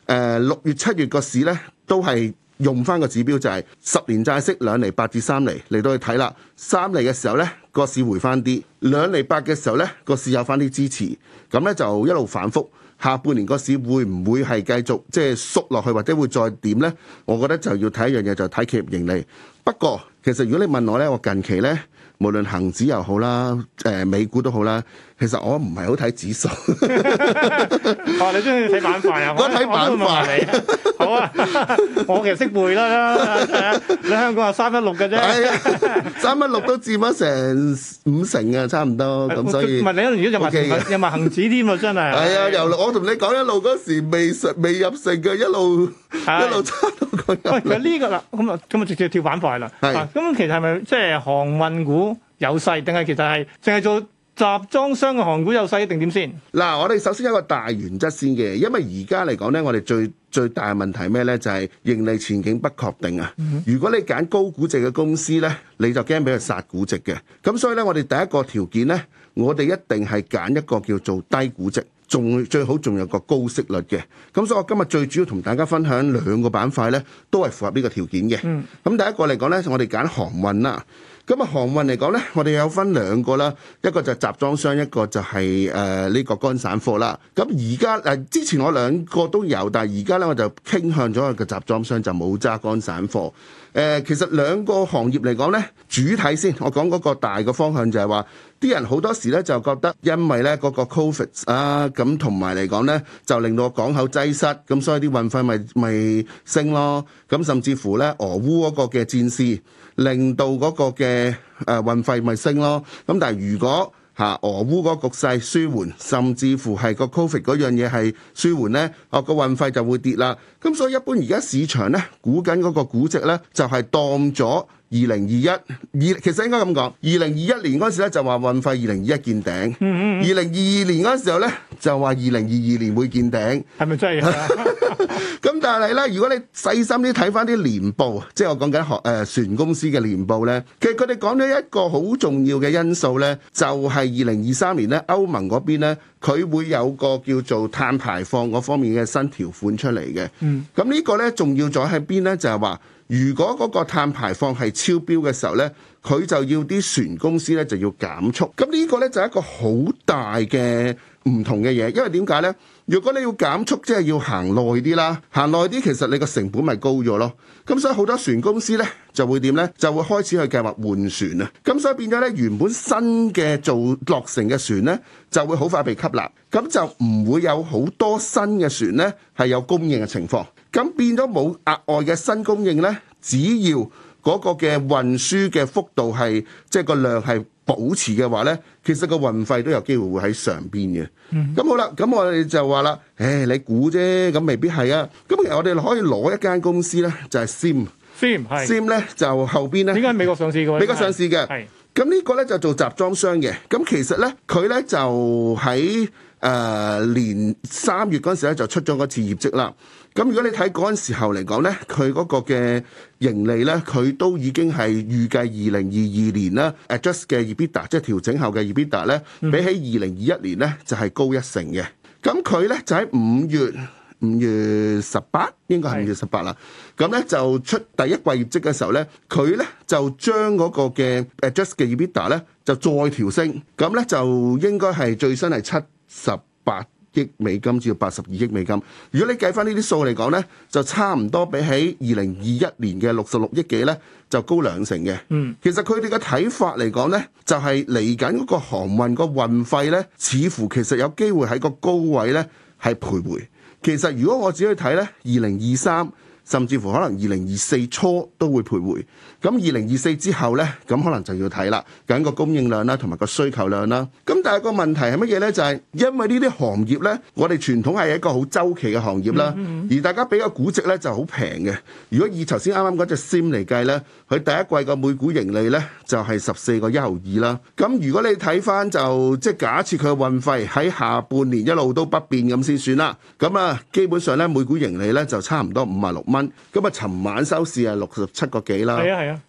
誒六月、七月個市呢，都係用翻個指標，就係十年債息兩厘八至三厘。嚟到去睇啦。三厘嘅時候呢，個市回翻啲；兩厘八嘅時候呢，個市有翻啲支持。咁呢，就一路反覆。下半年個市會唔會係繼續即係縮落去，或者會再點呢？我覺得就要睇一樣嘢，就係睇企業盈利。不過其實如果你問我呢，我近期呢，無論恒指又好啦，誒美股都好啦。其實我唔係好睇指數，我你中意睇板塊啊，你塊啊我睇板塊嚟、啊。好啊， 我其實識背啦、啊、 你香港係三一六嘅啫，三一六都佔咗成五成啊，差唔多咁。嗯、所以，唔係你一路就問，又問恒指添啊，真係。係啊，一我同你講一路嗰時未未入城嘅，一路、哎、呀一路差到佢。喂、哎，呢個啦，咁啊咁啊，直接跳板塊啦。咁是、啊、其實係咪即係航運股有勢，定係其實係淨係做？集裝箱嘅行股有勢定點先？嗱，我哋首先有一個大原則先嘅，因為而家嚟講呢，我哋最最大問題咩呢？就係盈利前景不確定啊！如果你揀高估值嘅公司呢，你就驚俾佢殺估值嘅。咁所以呢，我哋第一個條件呢，我哋一定係揀一個叫做低估值，仲最好仲有個高息率嘅。咁所以，我今日最主要同大家分享兩個板塊呢，都係符合呢個條件嘅。咁第一個嚟講呢，我哋揀航運啦。咁啊，航運嚟講呢，我哋有分兩個啦，一個就係集裝箱，一個就係誒呢個乾散貨啦。咁而家誒之前我兩個都有，但係而家呢，我就傾向咗佢個集裝箱就冇揸乾散貨誒、呃。其實兩個行業嚟講呢，主體先我講嗰個大嘅方向就係話啲人好多時呢就覺得，因為呢個個 Covid 啊，咁同埋嚟講呢就令到港口擠塞，咁所以啲運費咪咪升咯。咁甚至乎呢俄烏嗰個嘅戰事。令到嗰個嘅誒運費咪升咯，咁但係如果嚇俄烏嗰局勢舒緩，甚至乎係 CO、嗰個 Covid 嗰樣嘢係舒緩呢，哦個運費就會跌啦。咁所以一般而家市場咧估緊嗰個估值呢，就係、係、當咗。二零二一二，2021, 其實應該咁講，二零二一年嗰時咧就話運費二零二一見頂，二零二二年嗰個時候咧就話二零二二年會見頂，係咪真係？咁 但係咧，如果你細心啲睇翻啲年報，即係我講緊學誒、呃、船公司嘅年報咧，其實佢哋講咗一個好重要嘅因素咧，就係二零二三年咧歐盟嗰邊咧，佢會有個叫做碳排放嗰方面嘅新條款出嚟嘅。咁、嗯、呢個咧重要在喺邊咧？就係話。如果嗰個碳排放係超標嘅時候，呢佢就要啲船公司呢就要減速。咁呢個呢就係一個好大嘅唔同嘅嘢，因為點解呢？如果你要減速，即係要行耐啲啦，行耐啲，其實你個成本咪高咗咯。咁所以好多船公司呢就會點呢？就會開始去計劃換船啊。咁所以變咗呢，原本新嘅做落成嘅船呢就會好快被吸納，咁就唔會有好多新嘅船呢係有供應嘅情況。咁變咗冇額外嘅新供應咧，只要嗰個嘅運輸嘅幅度係即係個量係保持嘅話咧，其實個運費都有機會會喺上邊嘅。咁、嗯、哼好啦，咁我哋就話啦，誒、哎、你估啫，咁未必係啊。咁其實我哋可以攞一間公司咧，就係、是、Sim，Sim 係，Sim 咧是就後邊咧，點解美國上市美國上市嘅，係。咁呢個咧就做集裝箱嘅。咁其實咧，佢咧就喺誒、呃、年三月嗰陣時咧就出咗一次業績啦。咁如果你睇嗰陣時候嚟講咧，佢嗰個嘅盈利咧，佢都已經係預計二零二二年啦，adjust 嘅 EBITDA 即係調整後嘅 EBITDA 咧，嗯、比起二零二一年咧就係、是、高一成嘅。咁佢咧就喺五月五月十八，應該係五月十八啦。咁咧是就出第一季業績嘅時候咧，佢咧就將嗰個嘅 adjust 嘅 EBITDA 咧就再調升，咁咧就應該係最新係七十八億美金至到八十二億美金，如果你計翻呢啲數嚟講呢，就差唔多比起二零二一年嘅六十六億幾呢，就高兩成嘅。嗯，其實佢哋嘅睇法嚟講呢，就係嚟緊嗰個航運個運費呢，似乎其實有機會喺個高位呢係徘徊。其實如果我只去睇呢，二零二三甚至乎可能二零二四初都會徘徊。咁二零二四之後呢，咁可能就要睇啦，緊個供應量啦、啊，同埋個需求量啦、啊。咁但係個問題係乜嘢呢？就係、是、因為呢啲行業呢，我哋傳統係一個好周期嘅行業啦。嗯嗯嗯，而大家比較估值呢就好平嘅。如果以頭先啱啱嗰隻 ZIM 嚟計呢，佢第一季嘅每股盈利呢，就係十四個一毫二啦。咁如果你睇翻就即係假設佢嘅運費喺下半年一路都不變咁先算啦。咁啊，基本上呢，每股盈利呢，就差唔多五十六蚊。咁啊，尋晚收市係六十七個幾啦。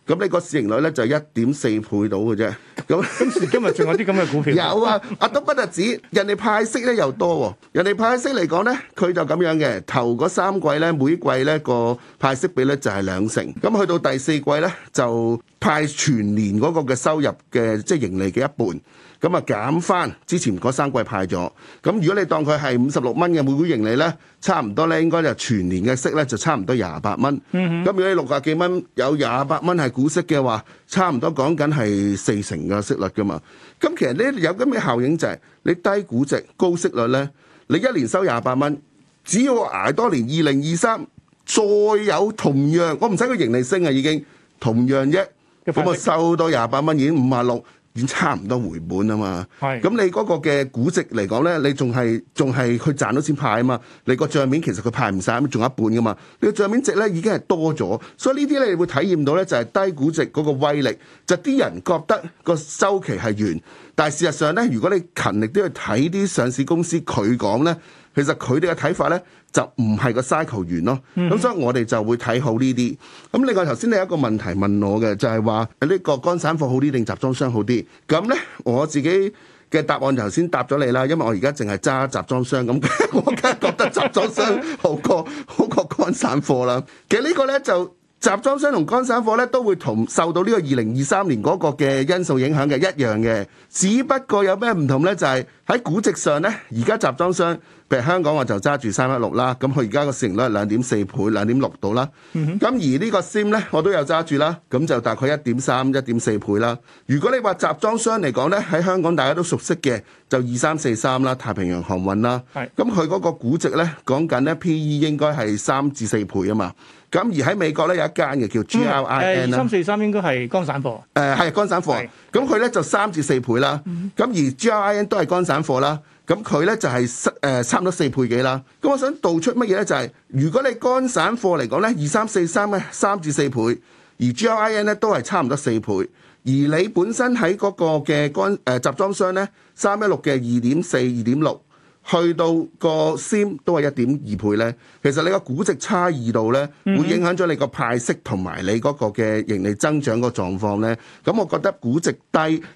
咁你個市盈率咧就一點四倍到嘅啫。咁今時今日仲有啲咁嘅股票？有啊，阿、啊、都不止，人哋派息咧又多、啊。人哋派息嚟講咧，佢就咁樣嘅。頭嗰三季咧，每季咧個派息比率就係兩成。咁去到第四季咧，就派全年嗰個嘅收入嘅即係盈利嘅一半。咁啊減翻之前嗰三季派咗，咁如果你當佢係五十六蚊嘅每股盈利呢，差唔多咧應該就全年嘅息呢，就差唔多廿八蚊。咁、嗯、哼如果你六十幾蚊有廿八蚊係股息嘅話，差唔多講緊係四成嘅息率噶嘛。咁其實咧有咁嘅效應就係、是、你低估值高息率呢，你一年收廿八蚊，只要捱多年二零二三再有同樣，我唔使佢盈利升啊已經同樣啫，咁啊收到廿八蚊已經五啊六。差唔多回本啊嘛，咁是你嗰個嘅估值嚟講咧，你仲係仲係去賺到錢派啊嘛，你個帳面其實佢派唔晒，咁仲有一半噶嘛，你個帳面值咧已經係多咗，所以呢啲咧你會體驗到咧就係低估值嗰個威力，就啲、是、人覺得個週期係完，但係事實上咧，如果你勤力啲去睇啲上市公司佢講咧。其實佢哋嘅睇法呢，就唔係個嘥球員咯。咁、嗯、所以我哋就會睇好呢啲。咁另外頭先你有一個問題問我嘅，就係話呢個乾散貨好啲定集裝箱好啲？咁呢，我自己嘅答案頭先答咗你啦，因為我而家淨係揸集裝箱，咁 我梗係覺得集裝箱好過 好過乾散貨啦。其實呢個呢，就集裝箱同乾散貨呢，都會同受到呢個二零二三年嗰個嘅因素影響嘅一樣嘅，只不過有咩唔同呢？就係、是、喺估值上呢，而家集裝箱。譬如香港我就揸住三一六啦，咁佢而家個市盈率係兩點四倍、兩點六度啦。咁、mm hmm. 而個呢個鰓咧，我都有揸住啦，咁就大概一點三、一點四倍啦。如果你話集裝箱嚟講咧，喺香港大家都熟悉嘅，就二三四三啦、太平洋航運啦。咁佢嗰個估值咧，講緊咧 P E 應該係三至四倍啊嘛。咁而喺美國咧有一間嘅叫 G R I N 三四三應該係乾散貨。誒係乾散貨，咁佢咧就三至四倍啦。咁、mm hmm. 而 G R I N 都係乾散貨啦。咁佢呢就係差唔多四倍幾啦。咁我想道出乜嘢呢？就係、是、如果你乾散貨嚟講呢，二三四三呢，三至四倍，而 G I N 呢都係差唔多四倍，而你本身喺嗰個嘅乾誒集裝箱呢，三一六嘅二點四二點六。去到個市都係一點二倍呢。其實你個估值差異度呢，會影響咗你個派息同埋你嗰個嘅盈利增長個狀況呢。咁我覺得估值低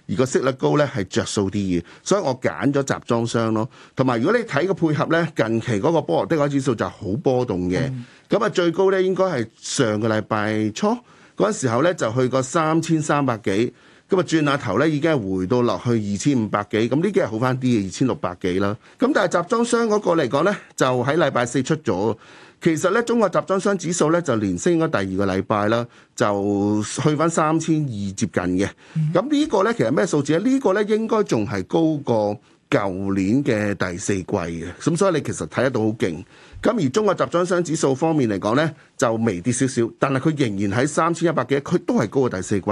而個息率高呢係着數啲嘅，所以我揀咗集裝箱咯。同埋如果你睇個配合呢，近期嗰個波羅的海指數就好波動嘅，咁啊，最高呢，應該係上個禮拜初嗰陣時候呢，就去過三千三百幾。咁啊，轉下頭咧，已經係回到落去二千五百幾，咁呢幾日好翻啲嘅二千六百幾啦。咁但係集裝箱嗰個嚟講咧，就喺禮拜四出咗。其實咧，中國集裝箱指數咧就連升咗第二個禮拜啦，就去翻三千二接近嘅。咁呢個咧其實咩數字啊？這個、呢個咧應該仲係高過舊年嘅第四季嘅。咁所以你其實睇得到好勁。咁而中國集裝箱指數方面嚟講呢就微跌少少，但係佢仍然喺三千一百幾，佢都係高過第四季。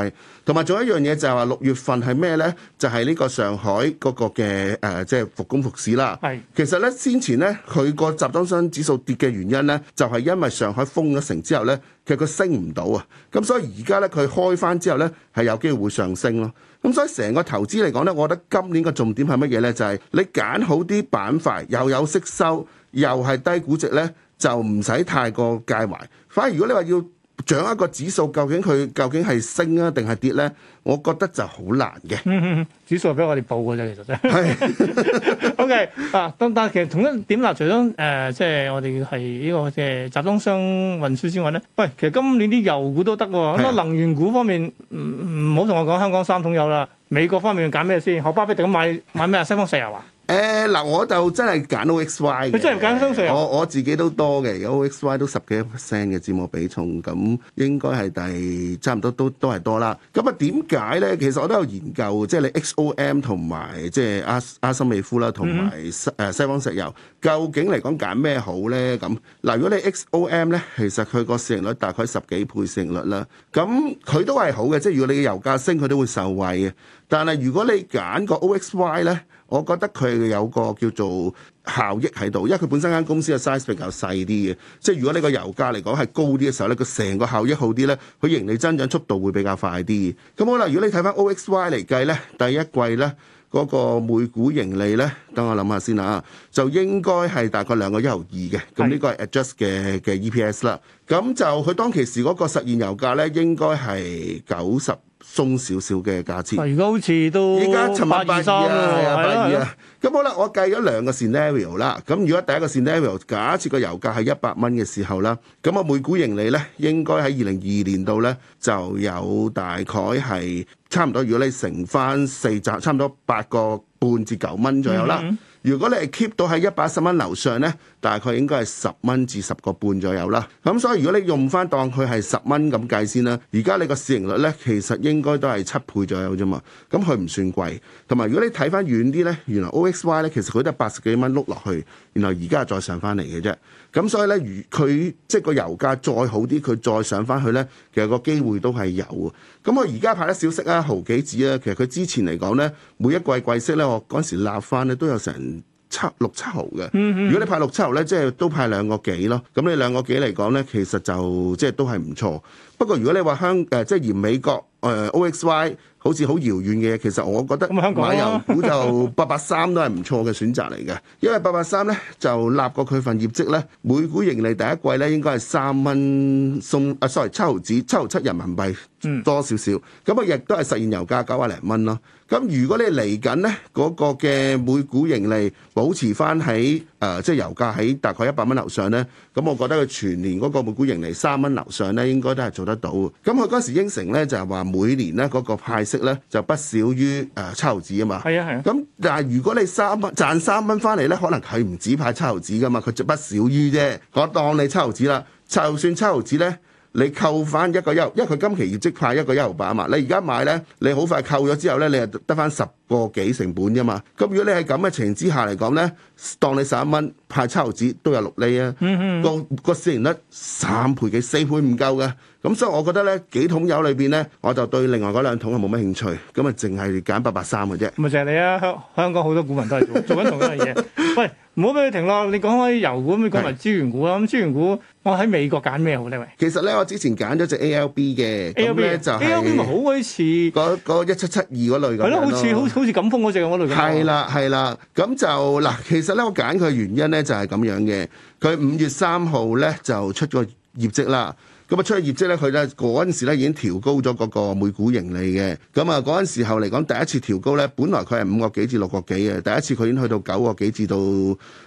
同埋仲有一樣嘢就係話六月份係咩呢？就係、是、呢個上海嗰個嘅誒，即、呃、係、就是、復工復市啦。係是其實呢，先前呢，佢個集裝箱指數跌嘅原因呢，就係、是、因為上海封咗城之後呢，其實佢升唔到啊。咁所以而家呢，佢開翻之後呢，係有機會上升咯。咁所以成個投資嚟講呢，我覺得今年嘅重點係乜嘢呢？就係、是、你揀好啲板塊，又有息收。又係低估值咧，就唔使太過介懷。反而如果你話要掌握個指數，究竟佢究竟係升啊定係跌咧，我覺得就好難嘅、嗯嗯。指數係俾我哋報嘅啫，其實真、就、係、是。 o、okay, K 啊，但但其實同一點啦，除咗誒，即、呃、係、就是、我哋係呢個嘅集裝箱運輸之外咧，喂，其實今年啲油股都得喎、哦。咁啊，能源股方面唔唔好同我講香港三桶油啦。美國方面揀咩先？好巴菲特咁買買咩啊？西方石油啊？誒嗱，我就真係揀 OXY 嘅。你真係揀生石啊！我我自己都多嘅，OXY 都十幾 percent 嘅佔我比重，咁應該係第差唔多都都係多啦。咁啊點解咧？其實我都有研究，即係你 XOM 同埋即係阿阿森美孚啦，同埋西誒西方石油，究竟嚟講揀咩好咧？咁嗱，如果你 XOM 咧，其實佢個市盈率大概十幾倍市盈率啦，咁佢都係好嘅，即係如果你嘅油價升，佢都會受惠嘅。但係如果你揀個 OXY 咧，我覺得佢有個叫做效益喺度，因為佢本身間公司嘅 size 比較細啲嘅，即係如果呢個油價嚟講係高啲嘅時候呢，佢成個效益好啲呢，佢盈利增長速度會比較快啲。咁好啦，如果你睇翻 OXY 嚟計呢，第一季呢嗰個每股盈利呢，等我諗下先啊，就應該係大概兩個一毫二嘅，咁呢個係 adjust 嘅嘅 EPS 啦。咁就佢當其時嗰個實現油價呢，應該係九十。鬆少少嘅價錢，而家好似都尋日八二三啊，咁好啦，我計咗兩個 scenario 啦。咁如果第一個 scenario 假設個油價係一百蚊嘅時候啦，咁啊每股盈利咧應該喺二零二二年度咧就有大概係差唔多，如果你乘翻四集，差唔多八個半至九蚊左右啦。嗯嗯，如果你係 keep 到喺一百一十蚊樓上咧。大概應該係十蚊至十個半左右啦。咁所以如果你用翻當佢係十蚊咁計先啦，而家你個市盈率呢，其實應該都係七倍左右啫嘛。咁佢唔算貴，同埋如果你睇翻遠啲呢，原來 OXY 呢，其實佢都係八十幾蚊碌落去，然後而家再上翻嚟嘅啫。咁所以呢，如佢即係個油價再好啲，佢再上翻去呢，其實個機會都係有㗎。咁我而家派得少息啊，毫幾子啊，其實佢之前嚟講呢，每一季季息呢，我嗰時立翻呢都有成七六七毫嘅。嗯嗯、如果你派六七毫呢，即係都派兩個幾咯。咁你兩個幾嚟講呢，其實就即係都係唔錯。不過如果你話香誒即係而美國誒、呃、OXY 好似好遙遠嘅嘢，其實我覺得香港、啊、買油股就八八三都係唔錯嘅選擇嚟嘅。 因為八八三呢，就立過佢份業績呢，每股盈利第一季呢應該係三蚊送啊，sorry 七毫紙七毫七人民幣多少少，咁啊亦都係實現油價九百零蚊咯。咁如果你嚟緊呢嗰個嘅每股盈利保持翻喺誒，即係油價喺大概一百蚊樓上呢。咁我覺得佢全年嗰個每股盈利三蚊樓上呢應該都係做得到嘅。咁佢嗰時應承呢就係話每年呢嗰個派息呢就不少於誒七毫子啊嘛。係啊係啊。咁但係如果你三蚊賺三蚊翻嚟呢，可能佢唔止派七毫子噶嘛，佢就不少於啫。我當你七毫子啦，就算七毫子呢。你扣翻一個一，因為佢今期業績派一個一毫八啊嘛，你而家買咧，你好快扣咗之後咧，你又得翻十個幾成本噶嘛？咁如果你喺咁嘅情之下嚟講咧，當你十一蚊派七毫子都有六釐啊！個個市盈率三倍幾，四倍唔夠嘅。咁所以我覺得咧，幾桶油裏邊咧，我就對另外嗰兩桶係冇乜興趣。咁啊，淨係揀八八三嘅啫。唔係謝你啊！香港好多股民都係做做緊同一樣嘢。喂，唔好俾佢停咯！你講開油股，咁你講埋資源股啊？咁資源股，我喺美國揀咩好咧？喂，其實咧，我之前揀咗隻 ALB 嘅，咁咧就 ALB 咪好鬼似嗰嗰一七七二嗰類咁咯。係咯，好似好。好似 錦豐嗰隻，我嚟講。係啦、啊，係啦、啊，咁、啊、就嗱，其實咧，我揀佢原因咧就係咁樣嘅。佢五月三號咧就出咗個業績啦。咁啊，出咗業績咧，佢咧嗰陣時咧已經調高咗嗰個每股盈利嘅。咁啊，嗰陣時候嚟講，第一次調高咧，本來佢係五個幾至六個幾嘅，第一次佢已經去到九個幾至到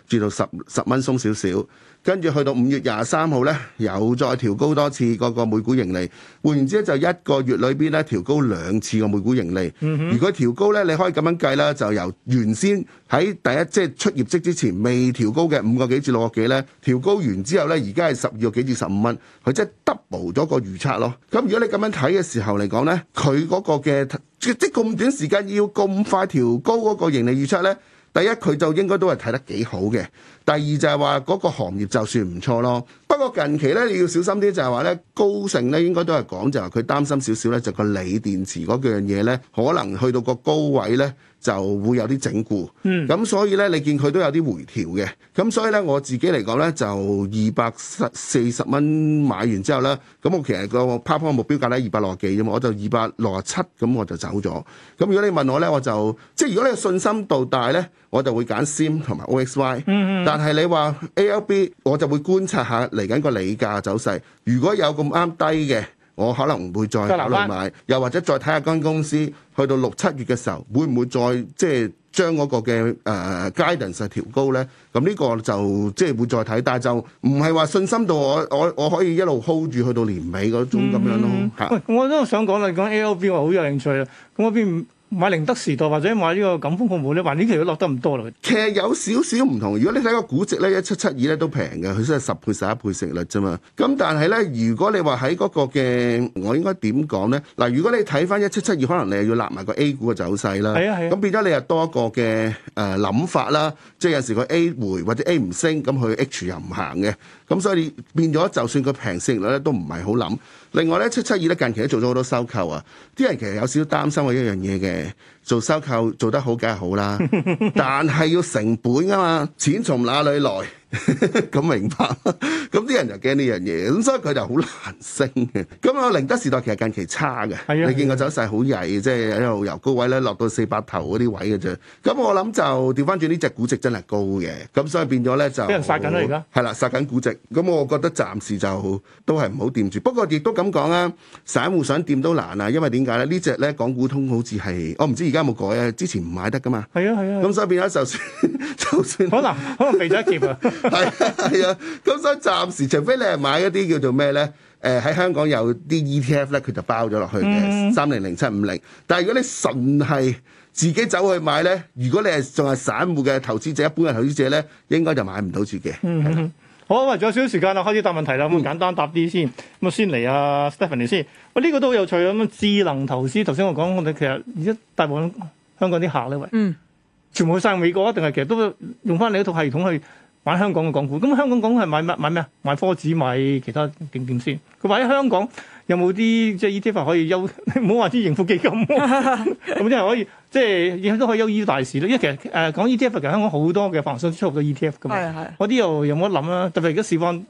至到十十蚊鬆少少。跟住去到五月廿三號呢，又再調高多次嗰個每股盈利。換言之就一個月裏邊咧調高兩次個每股盈利。嗯、哼如果調高呢，你可以咁樣計啦，就由原先喺第一即係、就是、出業績之前未調高嘅五個幾至六個幾呢，調高完之後呢，而家係十二個幾至十五蚊，佢即係 double 咗個預測咯。咁如果你咁樣睇嘅時候嚟講呢，佢嗰個嘅即咁短時間要咁快調高嗰個盈利預測呢。第一佢就應該都係睇得幾好嘅，第二就係話嗰個行業就算唔錯咯。不過近期呢，你要小心啲，就係話呢高盛呢應該都係講就係佢擔心少少呢就個鋰電池嗰樣嘢呢，可能去到個高位呢。就會有啲整固，咁、嗯、所以咧，你見佢都有啲回調嘅，咁所以咧，我自己嚟講咧，就二百四十蚊買完之後咧，咁我其實個拋空目標價咧二百六幾啫嘛，我就二百六十七，咁我就走咗。咁如果你問我咧，我就即係如果你嘅信心度大咧，我就會揀 SYM 同埋 OXY，但係你話 ALB，我就會觀察下嚟緊個理價走勢，如果有咁啱低嘅。我可能唔會再考慮買，又或者再睇下間公司，去到六七月嘅時候，會唔會再即係將嗰個嘅誒 guidance 調高咧？咁呢個就即係會再睇，但係就唔係話信心到我我我可以一路 hold 住去到年尾嗰種咁樣咯。嚇、嗯！是喂，我都想講你，講 ALB 我好有興趣啊。咁我買寧德時代或者買呢個錦豐控股咧，還短期都落得唔多啦。其實有少少唔同。如果你睇個估值咧，一七七二咧都平嘅，佢先係十倍十一倍市率啫嘛。咁但係咧，如果你話喺嗰個嘅，我應該點講咧？嗱，如果你睇翻一七七二，可能你又要立埋個 A 股嘅走勢啦。係啊係。咁變咗你又多一個嘅誒諗法啦。即係有時個 A 回或者 A 唔升，咁佢 H 又唔行嘅。咁所以變咗，就算佢平市率咧，都唔係好諗。另外咧，一七七二咧近期都做咗好多收購啊，啲人其實有少少擔心嘅一樣嘢嘅。做收購做得好梗係好啦， 但係要成本啊嘛，錢從哪裏來？咁 明白，咁 啲人就驚呢樣嘢，咁所以佢就好難升嘅。咁 啊、嗯，寧德時代其實近期差嘅，啊、你見我走勢好曳，是啊是啊即係一路由高位咧落到四百頭嗰啲位嘅啫。咁 我諗就調返轉呢隻估值真係高嘅，咁所以變咗咧就俾人殺緊啦而家。係啦、啊啊，殺緊估值，咁、嗯啊嗯、我覺得暫時就都係唔好掂住。不過亦都咁講啦，散戶想掂都難啊，因為點解咧？這個、呢隻咧港股通好似係我唔知而家有冇改啊？之前唔買得噶嘛。係啊係啊，啊。咁所以變咗就算就算可能可能避咗一劫啊。 係係啊，咁所以暫時，除非你係買一啲叫做咩咧？誒喺香港有啲 ETF 咧，佢就包咗落去嘅，三零零七五零。但係如果你純係自己走去買咧，如果你係仲係散戶嘅投資者，一般嘅投資者咧，應該就買唔到住嘅。嗯哼，好喂，仲有少少時間啦， 開始答問題啦。咁簡單答啲先。咁啊，先嚟啊、嗯、Stephanie 先。喂、哦，呢、呢個都好有趣啊！咁智能投資，頭先我講，其實而家大部分香港啲客咧，喂，嗯，全部去曬美國啊，定係其實都用翻你套系統去？買香港嘅港股，咁香港港股係買乜買咩啊？買科指，買其他景點先。佢買喺香港有冇啲即係 ETF 可以優？唔好話啲盈富基金，咁即係可以即係亦都可以優於大市咯。因為其實誒、呃、講 ETF 其實香港好多嘅泛銷出好多 ETF 㗎嘛。係係。啲又有冇得諗啦？特別而家市況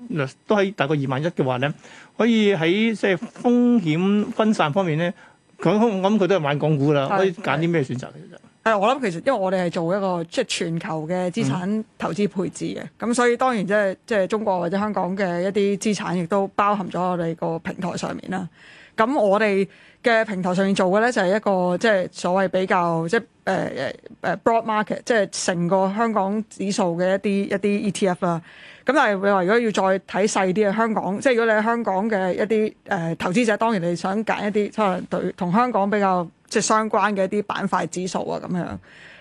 都喺大概二萬一嘅話咧，可以喺即係風險分散方面咧，佢我諗佢都係買港股啦。可以揀啲咩選擇其實？係，我諗其實因為我哋係做一個即係全球嘅資產投資配置嘅，咁、嗯嗯、所以當然即係即係中國或者香港嘅一啲資產，亦都包含咗我哋個平台上面啦。咁、嗯、我哋嘅平台上面做嘅呢，就係一個即係所謂比較即係、就、誒、是、誒誒、呃啊、broad market，即係成個香港指數嘅一啲一啲 ETF 啦、嗯。咁但係你話如果要再睇細啲嘅香港，即係如果你喺香港嘅一啲誒、呃、投資者，當然你想揀一啲可能對同香港比較。即相關嘅一啲板塊指數啊，咁樣，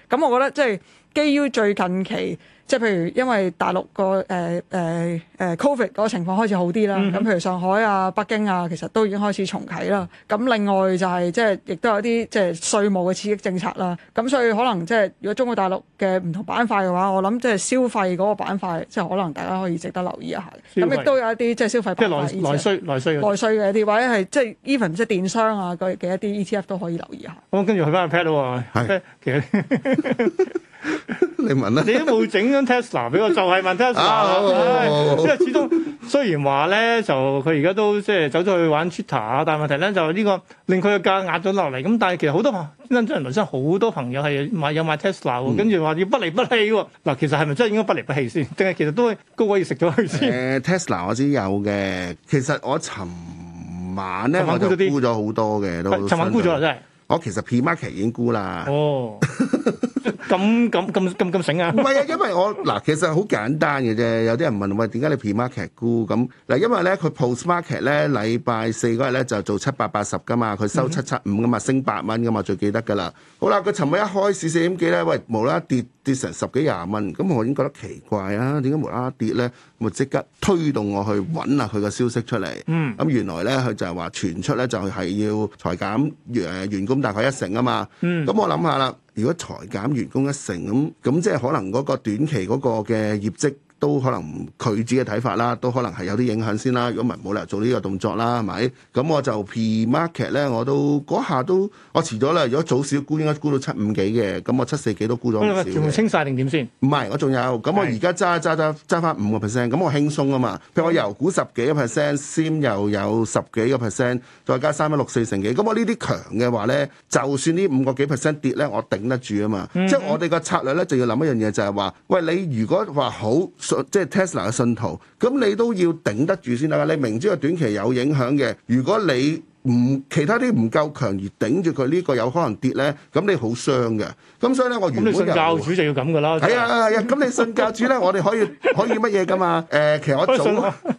咁我覺得即係基於最近期。即係譬如，因為大陸個誒誒誒 COVID 嗰個情況開始好啲啦，咁、嗯、哼譬如上海啊、北京啊，其實都已經開始重啟啦。咁另外就係、是、即係亦都有啲即係稅務嘅刺激政策啦。咁所以可能即係如果中國大陸嘅唔同板塊嘅話，我諗即係消費嗰個板塊，即係可能大家可以值得留意一下。咁亦費都有一啲即係消費。即係內需內需嘅。內需嘅啲，或者係即係 even 即係電商啊嘅嘅一啲 ETF 都可以留意下。咁跟住去翻個 pad 咯，係。 你問啦了，你都冇整張 Tesla 俾我，就係、是、問 Tesla，即、 啊哦哦、為始終雖然話咧，就佢而家都即係走咗去玩 Twitter 啊、這個，但係問題咧就呢個令佢嘅價壓咗落嚟。咁但係其實好多，新增人輪親好多朋友係買有買 Tesla，跟住話要不離不棄。嗱，其實係咪真係應該不離不棄先？定係其實都可以高位食咗佢先。誒、呃、，Tesla 我知有嘅，其實我尋晚咧我就沽咗好多嘅，都尋晚沽咗啦，真係、哦。我其實 P market 已經沽啦。哦。 咁咁咁咁咁醒啊！唔係啊，因為我嗱，其實好簡單嘅啫。有啲人問：喂，點解你 pre-market 估咁？嗱，因為咧佢 post market 咧，禮拜四嗰日咧就做七百八十噶嘛，佢收七七五噶嘛，升八蚊噶嘛，最記得噶啦。好啦，佢尋日一開始四點幾咧，喂，無啦啦跌跌成十幾廿蚊，咁我已經覺得奇怪啊！點解無啦啦跌咧？咁啊，即刻推動我去揾下佢個消息出嚟。嗯。咁原來咧，佢就係話傳出咧，就係要裁減誒員工大概一成啊嘛。嗯。咁我諗下啦。如果裁減員工一成咁，咁即係可能嗰個短期嗰個嘅業績。都可能佢自己嘅睇法啦，都可能係有啲影響先啦。如果唔係冇理由做呢個動作啦，係咪？咁、嗯、我就 pre-market 咧，我都嗰下都我遲咗啦。如果早啲沽應該沽到七五幾嘅，咁、嗯、我七四幾都沽咗唔少。全部清晒定點先？唔係，我仲有。咁我而家揸揸揸揸翻五個 percent，咁我輕鬆啊嘛。譬如我由股十幾個 percent 先，又、嗯、有十幾個 percent，再加三一六四成幾。咁、嗯嗯、我呢啲強嘅話咧，就算呢五個幾 percent 跌咧，我頂得住啊嘛。即係我哋個策略咧，就要諗一樣嘢就係、是、話：喂，你如果話好。即係 Tesla 嘅信徒，咁你都要頂得住先得噶。你明知個短期有影響嘅，如果你唔其他啲唔夠強而頂住佢呢個有可能跌咧，咁你好傷嘅。咁所以咧，我原本嘅教主就要咁噶啦。係啊係啊，咁你信教主咧，我哋可以可以乜嘢噶嘛？誒、呃，其實我早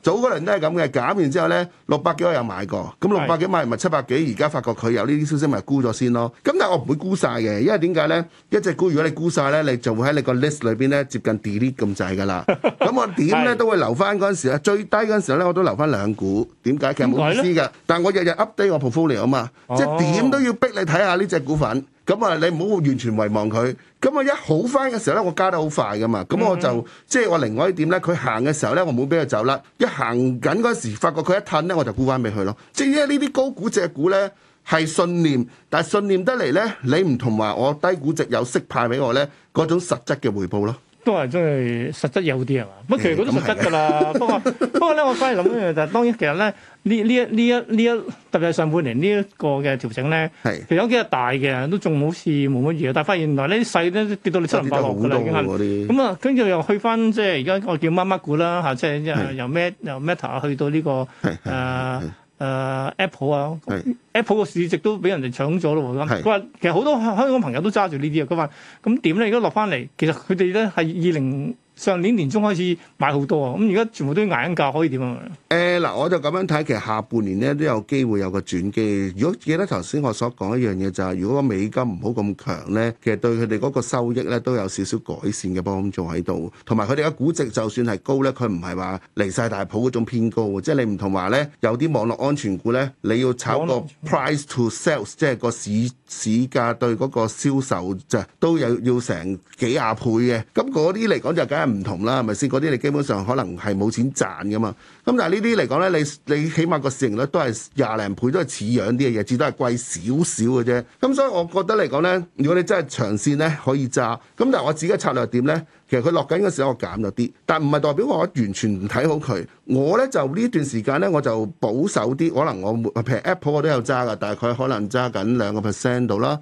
早嗰輪都係咁嘅，減完之後咧，六百幾我又買過。咁六百幾買唔係七百幾，而家發覺佢有呢啲消息，咪沽咗先咯。咁但係我唔會沽晒嘅，因為點解咧？一隻股，如果你沽晒咧，你就會喺你個 list 裏邊咧接近 delete 咁滯噶啦。咁、嗯、我點咧都會留翻嗰陣時咧，最低嗰陣時咧我都留翻兩股。點解？其實冇意思㗎。但我日日低我 portfolio 啊嘛，即係點都要逼你睇下呢隻股份，咁啊你唔好完全遺忘佢，咁啊一好翻嘅時候咧，我加得好快噶嘛，咁我就、mm hmm. 即係我另外一點咧，佢行嘅時候咧，我冇俾佢走啦，一行緊嗰時發覺佢一褪咧，我就估翻俾佢咯。即係呢啲高估值嘅股咧，係信念，但係信念得嚟咧，你唔同話我低估值有息派俾我咧，嗰種實質嘅回報咯。都係真係實質有啲啊嘛，不過其實佢都實質㗎啦。不過不過咧，我翻嚟諗一樣就係當然，其實咧呢呢一呢一呢一特別係上半年呢一個嘅調整咧，其實有幾日大嘅都仲好似冇乜嘢，但係發現原來呢啲細咧跌到你七零八落㗎啦已經係。咁啊，跟住又去翻即係而家個叫乜乜股啦嚇，即係又又咩 Meta 啊，去到呢個誒。誒、uh, Apple 啊是，Apple 嘅市值都俾人哋搶咗咯喎咁，佢話是其實好多香港朋友都揸住呢啲啊，佢話咁點咧？而家落翻嚟，其實佢哋咧係二零。上年年中開始買好多啊，咁而家全部都捱緊價，可以點啊？誒嗱、欸，我就咁樣睇，其實下半年咧都有機會有個轉機。如果記得頭先我所講一樣嘢就係、是，如果個美金唔好咁強咧，其實對佢哋嗰個收益咧都有少少改善嘅幫助喺度。同埋佢哋嘅估值就算係高咧，佢唔係話離晒大譜嗰種偏高嘅，即係你唔同話咧，有啲網絡安全股咧，你要炒個 price to sales，安全即係個市市價對嗰個銷售就都有要，要成幾廿倍嘅。咁嗰啲嚟講就梗。唔同啦，係咪先？嗰啲你基本上可能係冇錢賺噶嘛。咁、嗯、但係呢啲嚟講呢，你你起碼個市盈率都係廿零倍，都係似樣啲嘅嘢，至多係貴少少嘅啫。咁、嗯、所以我覺得嚟講呢，如果你真係長線呢，可以揸。咁、嗯、但係我自己嘅策略係點咧？其實佢落緊嗰時候，我減咗啲。但唔係代表我完全唔睇好佢。我呢就呢段時間呢，我就保守啲。可能我 Apple 我都有揸噶大概可能揸緊兩個 percent 度啦。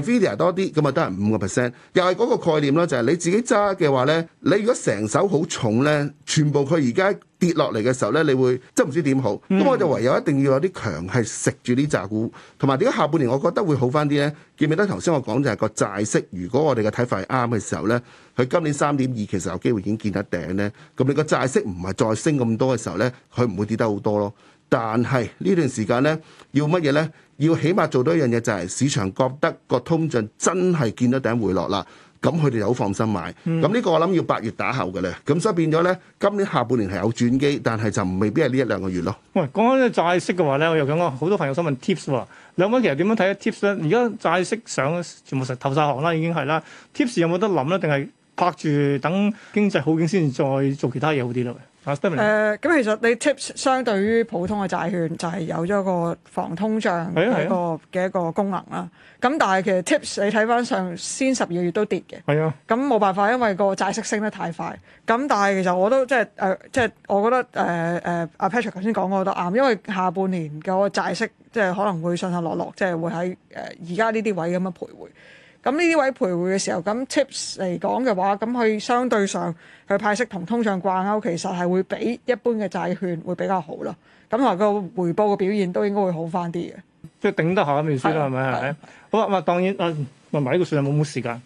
Nvidia 多啲，咁啊得係五個 percent，又係嗰個概念啦，就係你自己揸嘅話呢。你如果成手好重呢，全部佢而家跌落嚟嘅時候呢，你會即係唔知點好。咁我就唯有一定要有啲強係食住啲炸股，同埋點解下半年我覺得會好翻啲呢？記唔記得頭先我講就係個債息，如果我哋嘅睇法係啱嘅時候呢，佢今年三點二其實有機會已經見得頂呢。咁你個債息唔係再升咁多嘅時候呢，佢唔會跌得好多咯。但係呢段時間咧，要乜嘢咧？要起碼做到一樣嘢，就係、是、市場覺得個通脹真係見到頂回落啦。咁佢哋好放心買。咁呢、嗯、個我諗要八月打後嘅咧。咁所以變咗咧，今年下半年係有轉機，但係就未必係呢一兩個月咯。喂、哎，講緊債息嘅話咧，我又講過好多朋友想問 tips 喎。兩位其實點樣睇下 tips 咧？而家債息上全部實投晒行啦，已經係啦。tips 有冇得諗咧？定係拍住等經濟好景先再做其他嘢好啲咧？誒咁，uh, 其實你 tips 相對於普通嘅債券，就係有咗一個防通脹嘅一個嘅一個功能啦。咁但係其實 tips 你睇返上先十二月都跌嘅，係啊，咁冇辦法，因為個債息升得太快。咁但係其實我都即係誒，即係我覺得誒誒阿 Patrick 頭先講過都啱，因為下半年個債息即係可能會上上落落，即係會喺誒而家呢啲位咁樣徘徊。咁呢啲位徘徊嘅時候，咁 tips 嚟講嘅話，咁佢相對上佢派息同通脹掛鈎，其實係會比一般嘅債券會比較好啦。咁啊個回報嘅表現都應該會好翻啲嘅。即係頂得下咁樣先啦，係咪？係。好啊，咁當然啊問埋呢個算係冇冇時間。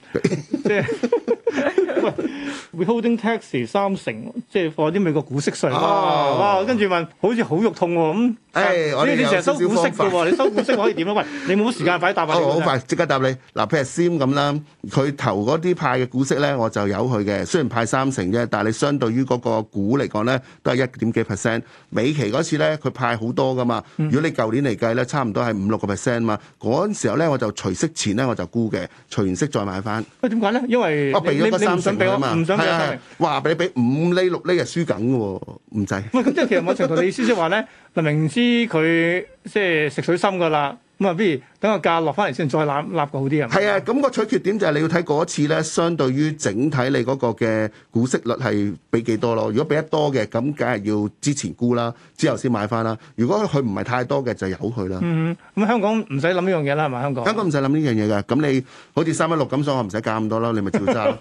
喂，withholding tax 三成，即係放啲美國股息稅啊！哇，跟住問，好似好肉痛喎咁。唉，所以你成日收股息嘅喎，你收股息可以點咧？喂，你冇時間快答快。好快，即刻答你。嗱譬如 t Sim 咁啦，佢投嗰啲派嘅股息咧，我就有佢嘅。雖然派三成啫，但係你相對於嗰個股嚟講咧，都係一點幾 percent。尾期嗰次咧，佢派好多噶嘛。如果你舊年嚟計咧，差唔多係五六個 percent 嘛。嗰時候咧，我就除息前咧，我就沽嘅，除完息再買翻。喂，點解咧？因為我避咗個三成。唔想俾佢，話俾你俾五釐六釐係輸緊嘅喎，唔制。喂，咁即係其實我上台嘅意思，思，呢 思即係話咧，嗱，明知佢即係食水深嘅啦。咁啊，不如等個價落翻嚟先，再攬攬個好啲啊！係啊，咁個取決點就係你要睇嗰一次咧，相對於整體你嗰個嘅股息率係俾幾多咯？如果俾得多嘅，咁梗係要之前沽啦，之後先買翻啦。如果佢唔係太多嘅，就由佢啦。嗯，咁香港唔使諗呢樣嘢啦，係咪香港？香港唔使諗呢樣嘢㗎。咁你、 嗯、好似三一六咁，所以我唔使減咁多啦，你咪照揸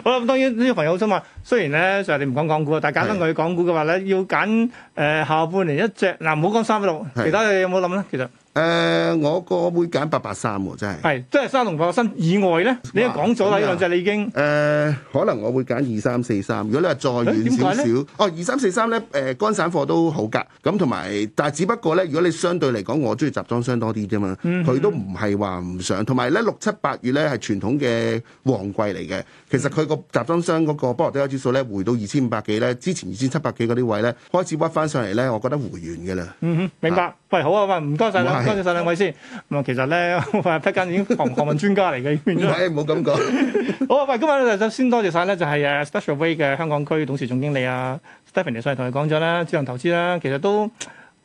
好啦，當然呢個朋友好心話，雖然咧，就係你唔講港股，但係簡單講起股嘅話咧，要揀誒、呃、下半年一隻嗱，唔好講三一六，16，其他你有冇諗咧？其實。誒、呃，我個會揀八八三喎，真係係，即係三龍破生以外咧，你又講咗兩隻，你已經誒、呃，可能我會揀二三四三。如果你話再遠少少，哦，二三四三咧，誒、呃，乾散貨都好㗎。咁同埋，但係只不過咧，如果你相對嚟講，我中意集裝箱多啲啫嘛。佢、嗯、哼都唔係話唔上。同埋咧，六七八月咧，係傳統嘅旺季嚟嘅。其實佢個集裝箱嗰個波羅的海指數咧，回到二千五百幾咧，之前二千七百幾嗰啲位咧，開始屈翻上嚟咧，我覺得回完㗎啦。嗯哼，明白。喂、哎，好啊，唔該晒兩，多是謝曬兩位先。咁啊是，其實咧，我係劈間已經訪訪問專家嚟嘅，已經。唔 好咁講。好啊，喂，今日就先多謝晒咧，就係、是、誒 StashAway 嘅香港區董事總經理 S、嗯、 啊 Stephanie 上嚟同你講咗啦。智能投資啦，其實都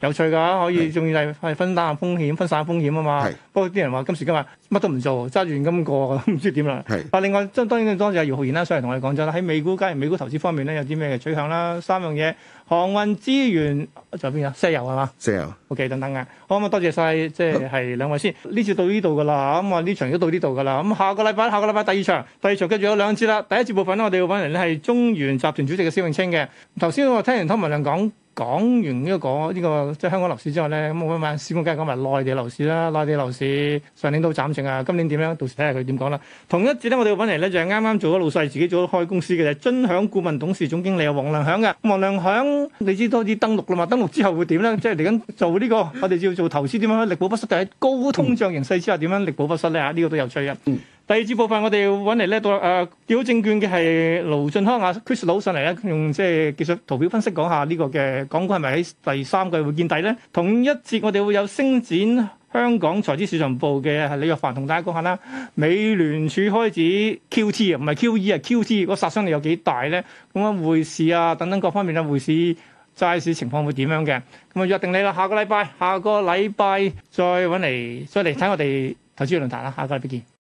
有趣噶，可以仲是要係分擔下風險，分散風險啊嘛。係是。不過啲人話今時今日乜都唔做，揸住現金過，唔知點啦。係是。啊，另外，即係當然，當然係姚浩然啦，上嚟同我哋講咗啦，喺美股、金融、美股投資方面咧，有啲咩嘅取向啦，三樣嘢，航運資源仲有邊啊？石油係嘛？石油 OK，等等嘅，好唔好、嗯？多謝晒。即係兩位先。呢次到呢度㗎啦，咁我呢場都到呢度㗎啦。咁下個禮拜，下個禮拜第二場，第二場跟住有兩次啦。第一節部分咧，我哋要揾嚟咧係中原集團主席嘅肖永清嘅。頭先我聽完湯文亮講講完呢個講呢個即係香港樓市之後咧，咁我今晚肖工梗係講埋內地樓市啦。內地樓市上年都暫停啊，今年點樣？到時睇下佢點講啦。同一節咧，我哋要揾嚟咧就係啱啱做咗老細，自己做咗開公司嘅就係尊享顧問董事總經理黃亮響嘅黃亮響。你知多啲登錄啦嘛，登錄之後會點咧？ 即係嚟緊做呢、這個，我哋要做投資點樣力保不失？就喺高通脹形勢之下點樣力保不失咧？啊，呢、這個都有趣嘅。嗯、第二節部分，我哋揾嚟咧到誒兆、呃、證券嘅係盧俊康啊，Chris Lo 上嚟咧，用即係技術圖表分析講下呢個嘅港股係咪喺第三季會見底咧？同一節我哋會有星展。香港財資市場部嘅李玉凡同大家講下啦，美聯儲開始 QT 啊，唔係 QE 啊，QT，個殺傷力有幾大咧？咁啊，匯市啊，等等各方面嘅匯市債市情況會點樣嘅？咁啊，約定你啦，下個禮拜，下個禮拜再揾嚟，再嚟睇我哋投資月論壇啦，下個禮拜見。